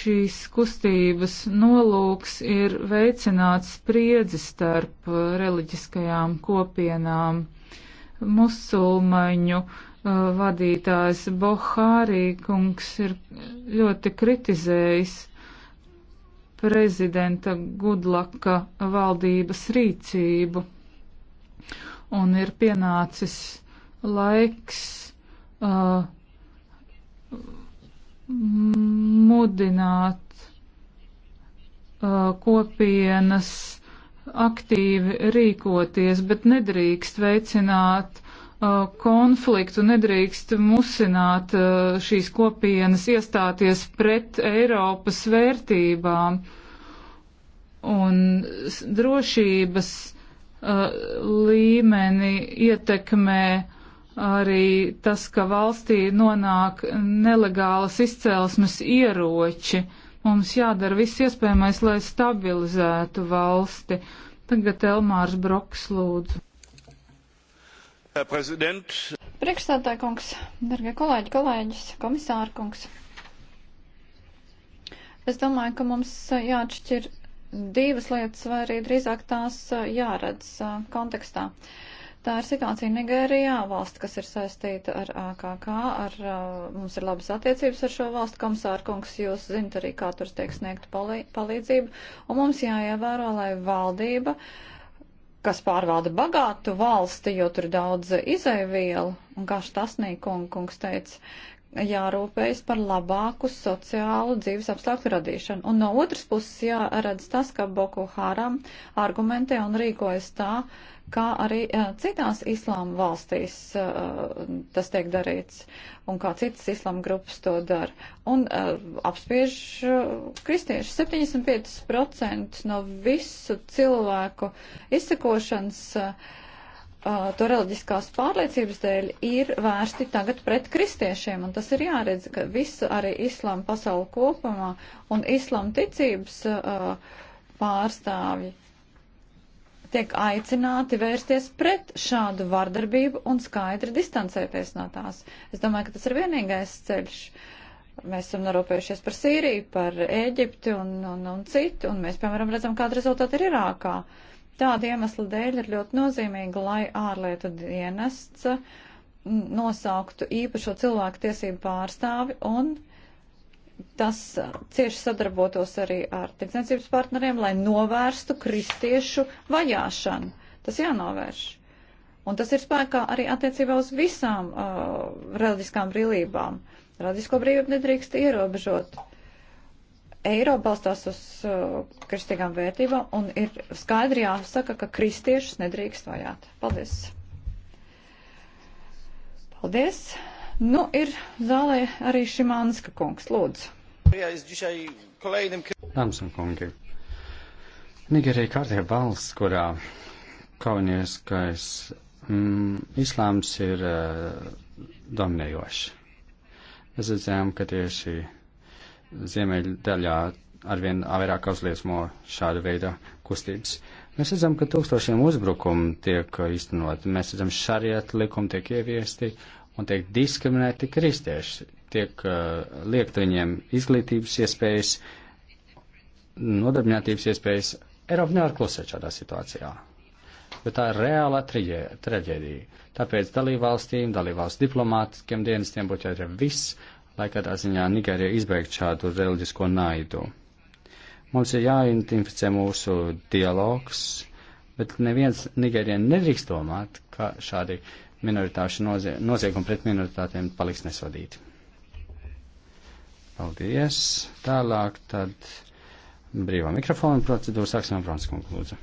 Šīs kustības nolūks ir veicināt spriedzi starp reliģiskajām kopienām musulmaņu uh, vadītājs Bohārī kungs ir ļoti kritizējis prezidenta Gudlaka valdības rīcību un ir pienācis laiks uh, mudināt uh, kopienas aktīvi rīkoties, bet nedrīkst veicināt uh, konfliktu, nedrīkst musināt uh, šīs kopienas iestāties pret Eiropas vērtībām. Un drošības uh, līmeni ietekmē arī tas, ka valstī nonāk nelegālas izcelsmes ieroči. Uh, Mums jādara viss iespējamais, lai stabilizētu valsti. Tagad Elmārs Broks lūdzu. Priekšstādāja kungs, dargie kolēģi, kolēģis, komisāra kungs. Es domāju, ka mums jāatšķir divas lietas, vai arī drīzāk tās jāredz kontekstā. Uh, Tā ir situācija Nigērijā, valsts, kas ir saistīta ar AKK, ar, mums ir labas attiecības ar šo valstu komisāru kungs, jūs zinat arī, kā tur tiek sniegta palīdzība, un mums jāievēro, lai valdība, kas pārvalda bagātu valsti, jo tur daudz izaivielu, un kā štasnī kungs teica, jārūpējas par labāku sociālu dzīves apstākļu radīšanu. Un no otras puses jāredz tas, ka Boko Haram argumentē un rīkojas tā, kā arī citās islāma valstīs tas tiek darīts un kā citas islāma grupas to dara. Un apspiež kristieši 75% no visu cilvēku izsakošanas to reliģiskās pārliecības dēļ ir vērsti tagad pret kristiešiem, un tas ir jāredz, ka visa arī islāma pasauli kopumā un islāma ticības uh, pārstāvji tiek aicināti vērsties pret šādu vardarbību un skaidri distancēties no tās. Es domāju, ka tas ir vienīgais ceļš. Mēs esam norūpējušies par Sīriju, par Ēģipti un, un, un citu, un mēs, piemēram, redzam, kāda rezultāta ir Irākā. Tāda iemesla dēļ ir ļoti nozīmīgi, lai ārlietu dienests nosauktu īpašo cilvēku tiesību pārstāvi un uh, tas uh, cieši sadarbotos arī ar tirdzniecības partneriem, lai novērstu kristiešu vajāšanu. Tas jānovērš. Un tas ir spēkā arī attiecībā uz visām uh, reliģiskām brīvībām. Radisko brīvību nedrīkst ierobežot. Eiropa balstās uz uh, kristīgām vērtībām un ir skaidri jāsaka, ka kristiešus nedrīkst vajāt. Paldies! Paldies! Nu, ir zālē arī Šimānska kungs, lūdzu. Dāmas un kungi, Nigērija kārtība valsts, kurā kaunieskais mm, islāms ir uh, dominējošs. Mēs redzējām, ka tieši ziemeļu daļā arvien vairāk uzliesmo šādu veidu kustības. Mēs redzam, ka tūkstošiem uzbrukumu tiek eh, īstenot, mēs redzam, šariet likumi tiek ieviesti, un tiek diskriminēti kristieši, tiek uh, liekt viņiem izglītības iespējas, nodarbinātības iespējas. Eiropa nevar klusēt šādā situācijā, bet tā ir reāla traģēdija. Tāpēc dalībvalstīm, dalībvalstu diplomātiskiem dienestiem būtu jādara viss, lai kādā ziņā Nigērija izbeigtu šādu reliģisko naidu. Mums ir jāidentificē mūsu dialogs, bet neviens Nigērija nedrīkst domāt, ka šādi uh, minoritāšu nozie noziegumi pret minoritātiem paliks nesodīti. Paldies. Tālāk tad brīvā mikrofona procedūra sāksim ar Bronskungu lūdzu.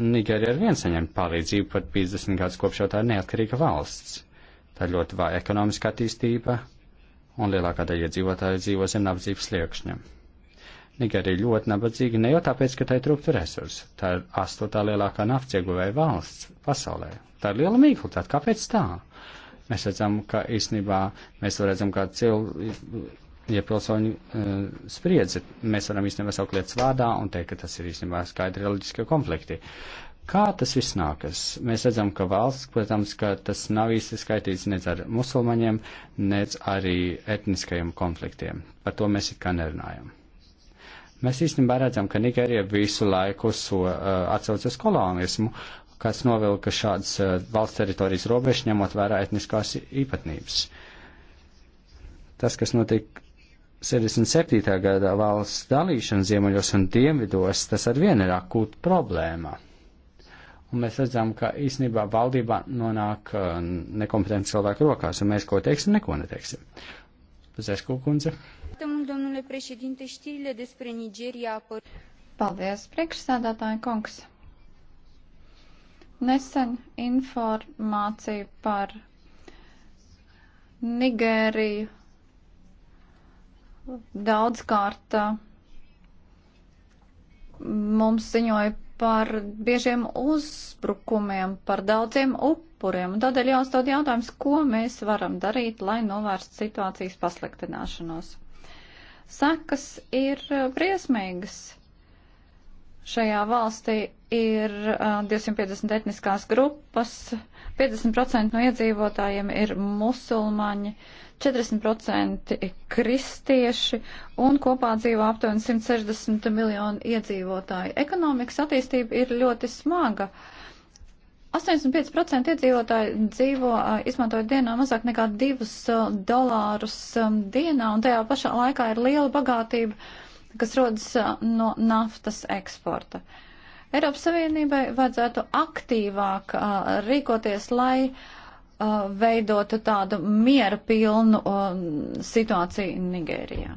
Nigērija ar vien saņem palīdzību pat 50 gadus kopš jau tā ir neatkarīga valsts. Tā ir ļoti vāja ekonomiska attīstība, un lielākā daļa iedzīvotāju dzīvo zem nabadzības sliekšņiem. Nigērija ir ļoti nabadzīga ne jau tāpēc, ka tai trūkst resursu. Tā ir astotā lielākā naftas ieguvēja valsts pasaulē. Tā ir liela mīkla. Tāda kāpēc tā? Mēs redzam, ka īstenībā mēs to redzam kā cilvēku, ja pilsoņu uh, spriedzi. Mēs varam īstenībā saukt lietas vārdā un teikt, ka tas ir īstenībā skaidri reliģiskie konflikti. Uh, Kā tas viss nākas? Mēs redzam, ka valsts, protams, ka tas nav īsti skaitīts nec ar musulmaņiem, nec arī etniskajiem konfliktiem. Par to mēs it kā nerunājam. Mēs īstenībā redzam, ka Nigērija visu laiku so, uh, atsauc uz kolonismu, kas novilka šādas uh, valsts teritorijas robežas, ņemot vērā etniskās īpatnības. Tas, kas notika 67. gada valsts dalīšana ziemeļos un dienvidos, tas ar vienu ir akūta problēma. Un mēs redzam, ka īstenībā valdībā nonāk uh, nekompetenti cilvēku rokās, un mēs ko teiksim, neko neteiksim. Uh, Zesko kundze. Paldies, priekšsādātāja kungs. Nesen informācija par Nigēriju daudzkārt uh, mums ziņoja par biežiem uzbrukumiem, par daudziem upuriem. Un tādēļ jāuzdod jautājums, ko mēs varam darīt, lai novērstu situācijas pasliktināšanos. Sekas ir uh, briesmīgas. Šajā valstī ir 250 uh, etniskās grupas, 50% no iedzīvotājiem ir musulmaņi, 40% kristieši un kopā dzīvo aptuveni 160 miljonu iedzīvotāju. Ekonomikas attīstība ir ļoti smaga. 85% iedzīvotāji dzīvo, izmantojot dienā mazāk nekā 2 dolārus dienā, un tajā pašā laikā ir liela bagātība, kas rodas no naftas eksporta. Eiropas Savienībai vajadzētu aktīvāk rīkoties, lai uh, Uh, veidotu tādu miera pilnu uh, situāciju Nigērijā.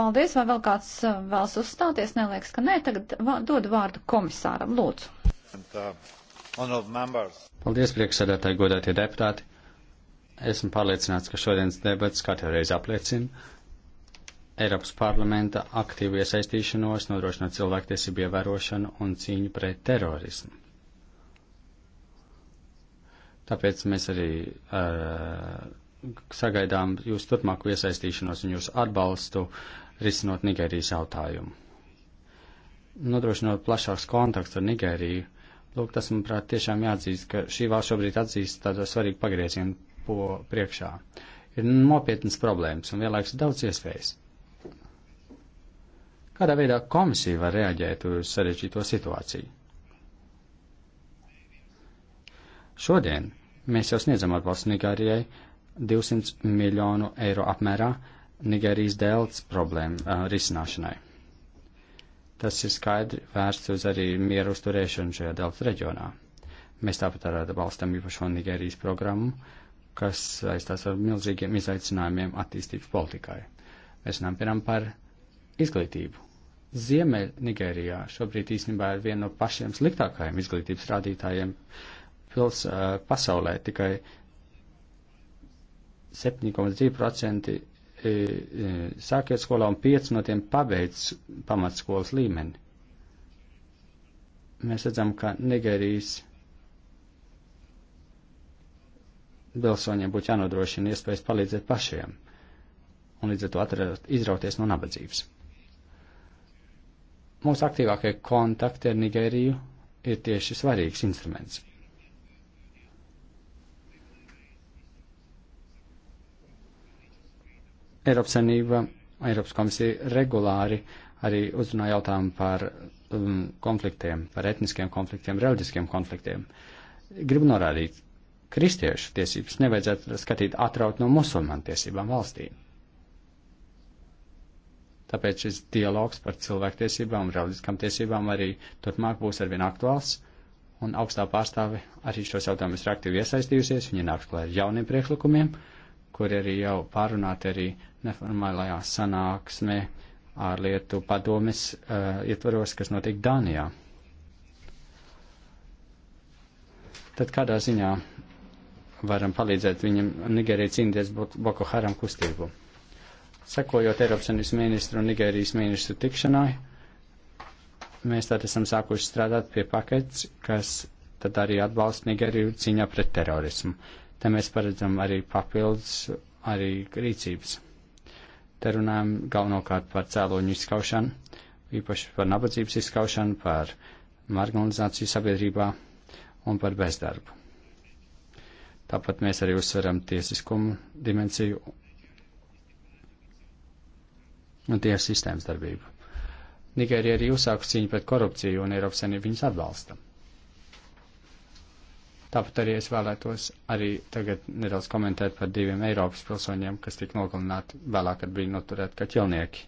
Paldies, vai vēl kāds uh, vēlas uzstāties? Neliekas, ka nē, tagad dodu vārdu komisāram, lūdzu. Paldies, priekšsēdētāji, godātie deputāti. Esmu pārliecināts, ka šodienas debats katru reizi apliecina Eiropas parlamenta aktīvu iesaistīšanos, nodrošinot cilvēktiesību ievērošanu un cīņu pret terorismu. Tāpēc mēs arī uh, sagaidām jūsu turpmāku iesaistīšanos un jūsu atbalstu risinot Nigērijas jautājumu. Nodrošinot plašāks kontakts ar Nigēriju, lūk, tas, manuprāt, tiešām jāatzīst, ka šī valsts šobrīd atzīst tādu svarīgu pagriezienu priekšā. Ir nopietnas problēmas un vienlaiks daudz iespējas. Kādā veidā komisija var reaģēt uz sarežģīto situāciju? Šodien mēs jau sniedzam atbalstu Nigērijai 200 miljonu eiro apmērā Nigērijas dēls problēmu uh, risināšanai. Tas ir skaidri vērsts uz arī mieru uzturēšanu šajā dēls reģionā. Mēs tāpat arī atbalstam īpašo Nigērijas programmu, kas saistās ar milzīgiem izaicinājumiem attīstības politikai. Mēs runājam piemēram par izglītību. Ziemeļ Nigērijā šobrīd īstenībā ir viena no pašiem sliktākajiem izglītības rādītājiem uh, pils pasaulē tikai 7,2% sākiet skolā un 5 no tiem pabeidz pamatskolas līmeni. Mēs redzam, ka Nigērijas pilsoņiem būtu jānodrošina iespējas palīdzēt pašiem un līdz ar to atrast, izrauties no nabadzības. Mūsu aktīvākie kontakti ar Nigēriju ir tieši svarīgs instruments. Eiropas Savienība, Eiropas komisija regulāri arī uzrunā jautājumu par um, konfliktiem, par etniskiem konfliktiem, reliģiskiem konfliktiem. Gribu norādīt, kristiešu tiesības nevajadzētu skatīt atraut no musulmaņu tiesībām valstī. Tāpēc šis dialogs par cilvēktiesībām un reliģiskām tiesībām arī turpmāk būs arvien aktuāls, un augstā pārstāve arī šos jautājumus ir aktīvi iesaistījusies, viņa nāks klāt ar jauniem priekšlikumiem, uh, kur arī jau pārunāti arī neformālajā sanāksmē ārlietu padomes uh, ietvaros, kas notiek Dānijā. Tad kādā ziņā varam palīdzēt viņam Nigērija cīnīties Boko Haram kustību? Sekojot Eiropas Savienības ministru un Nigērijas ministru tikšanai, mēs tad esam sākuši strādāt pie pakets, kas tad arī atbalsta Nigēriju cīņā pret terorismu. Te mēs paredzam arī papildus, arī rīcības. Te runājam galvenokārt par cēloņu izskaušanu, īpaši par nabadzības izskaušanu, par marginalizāciju sabiedrībā un par bezdarbu. Tāpat mēs arī uzsveram tiesiskumu dimensiju un tiesu sistēmas darbību. Nigērija arī uzsāka cīņu pret korupciju un Eiropas Savienība viņus atbalsta. Tāpat arī es vēlētos arī tagad nedaudz komentēt par diviem Eiropas pilsoņiem, kas tika nogalināti vēlāk, kad bija noturēti kaķelnieki.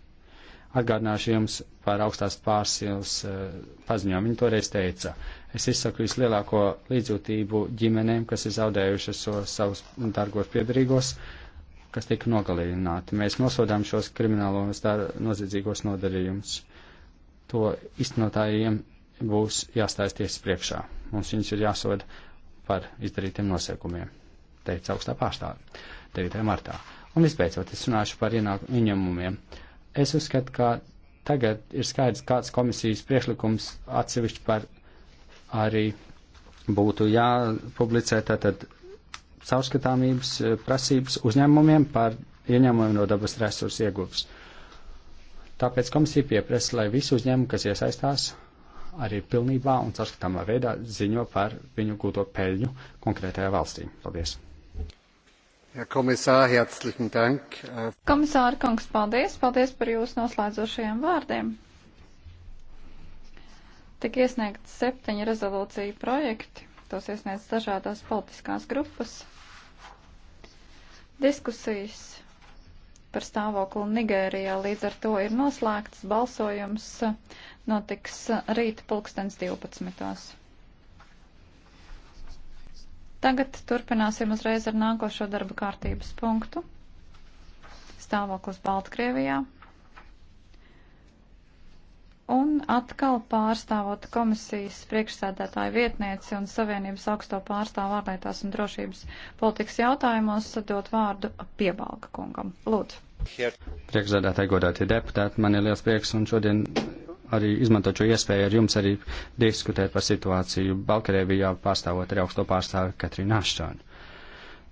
Atgādināšu jums par augstās pārsils uh, eh, paziņojumu. Viņa toreiz teica, es izsaku vislielāko līdzjūtību ģimenēm, kas ir zaudējušas so savus dargos piedarīgos, kas tika nogalināti. Mēs nosodām šos kriminālos noziedzīgos nodarījumus. To iztenotājiem būs jāstājas tiesas priekšā. Mums viņus ir jāsoda par izdarītiem nosiekumiem, teica augstā pārstāve 9. martā. Un visbeidzot, es runāšu par ieņēmumiem. Es uzskatu, ka tagad ir skaidrs, kāds komisijas priekšlikums atsevišķi par arī būtu jāpublicē tātad caurskatāmības eh, prasības uzņēmumiem par ieņēmumiem no dabas resursu ieguvs. Tāpēc komisija pieprasa, lai visi uzņēmumi, kas iesaistās arī pilnībā un caurskatāmā veidā ziņo par viņu gūto peļņu konkrētajā valstī. Paldies! Ja komisār, herzlichen dank! Komisāra kungs, paldies! Paldies par jūsu noslēdzošajiem vārdiem! Tik iesniegt septiņi rezolūciju projekti, tos iesniedz dažādās politiskās grupas. Diskusijas par stāvokli Nigērijā. Līdz ar to ir noslēgts balsojums, notiks rīt pulkstens 12. Tagad turpināsim uzreiz ar nākošo darba kārtības punktu. Stāvoklis Baltkrievijā. Un atkal pārstāvot komisijas priekšsēdētāju vietnieci un Savienības augsto pārstāvu ārlietās un drošības politikas jautājumos dot vārdu piebalga kungam. Lūdzu. Priekšsēdētāji godātie deputāti, man ir liels prieks un šodien arī izmantot šo iespēju ar jums arī diskutēt par situāciju Balkarēvijā pārstāvot arī augsto pārstāvi Katrīnu Aštonu.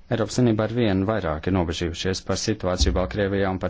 Eiropas Sanība ar vienu vairāk ir nobežījušies par situāciju Balkrievijā un par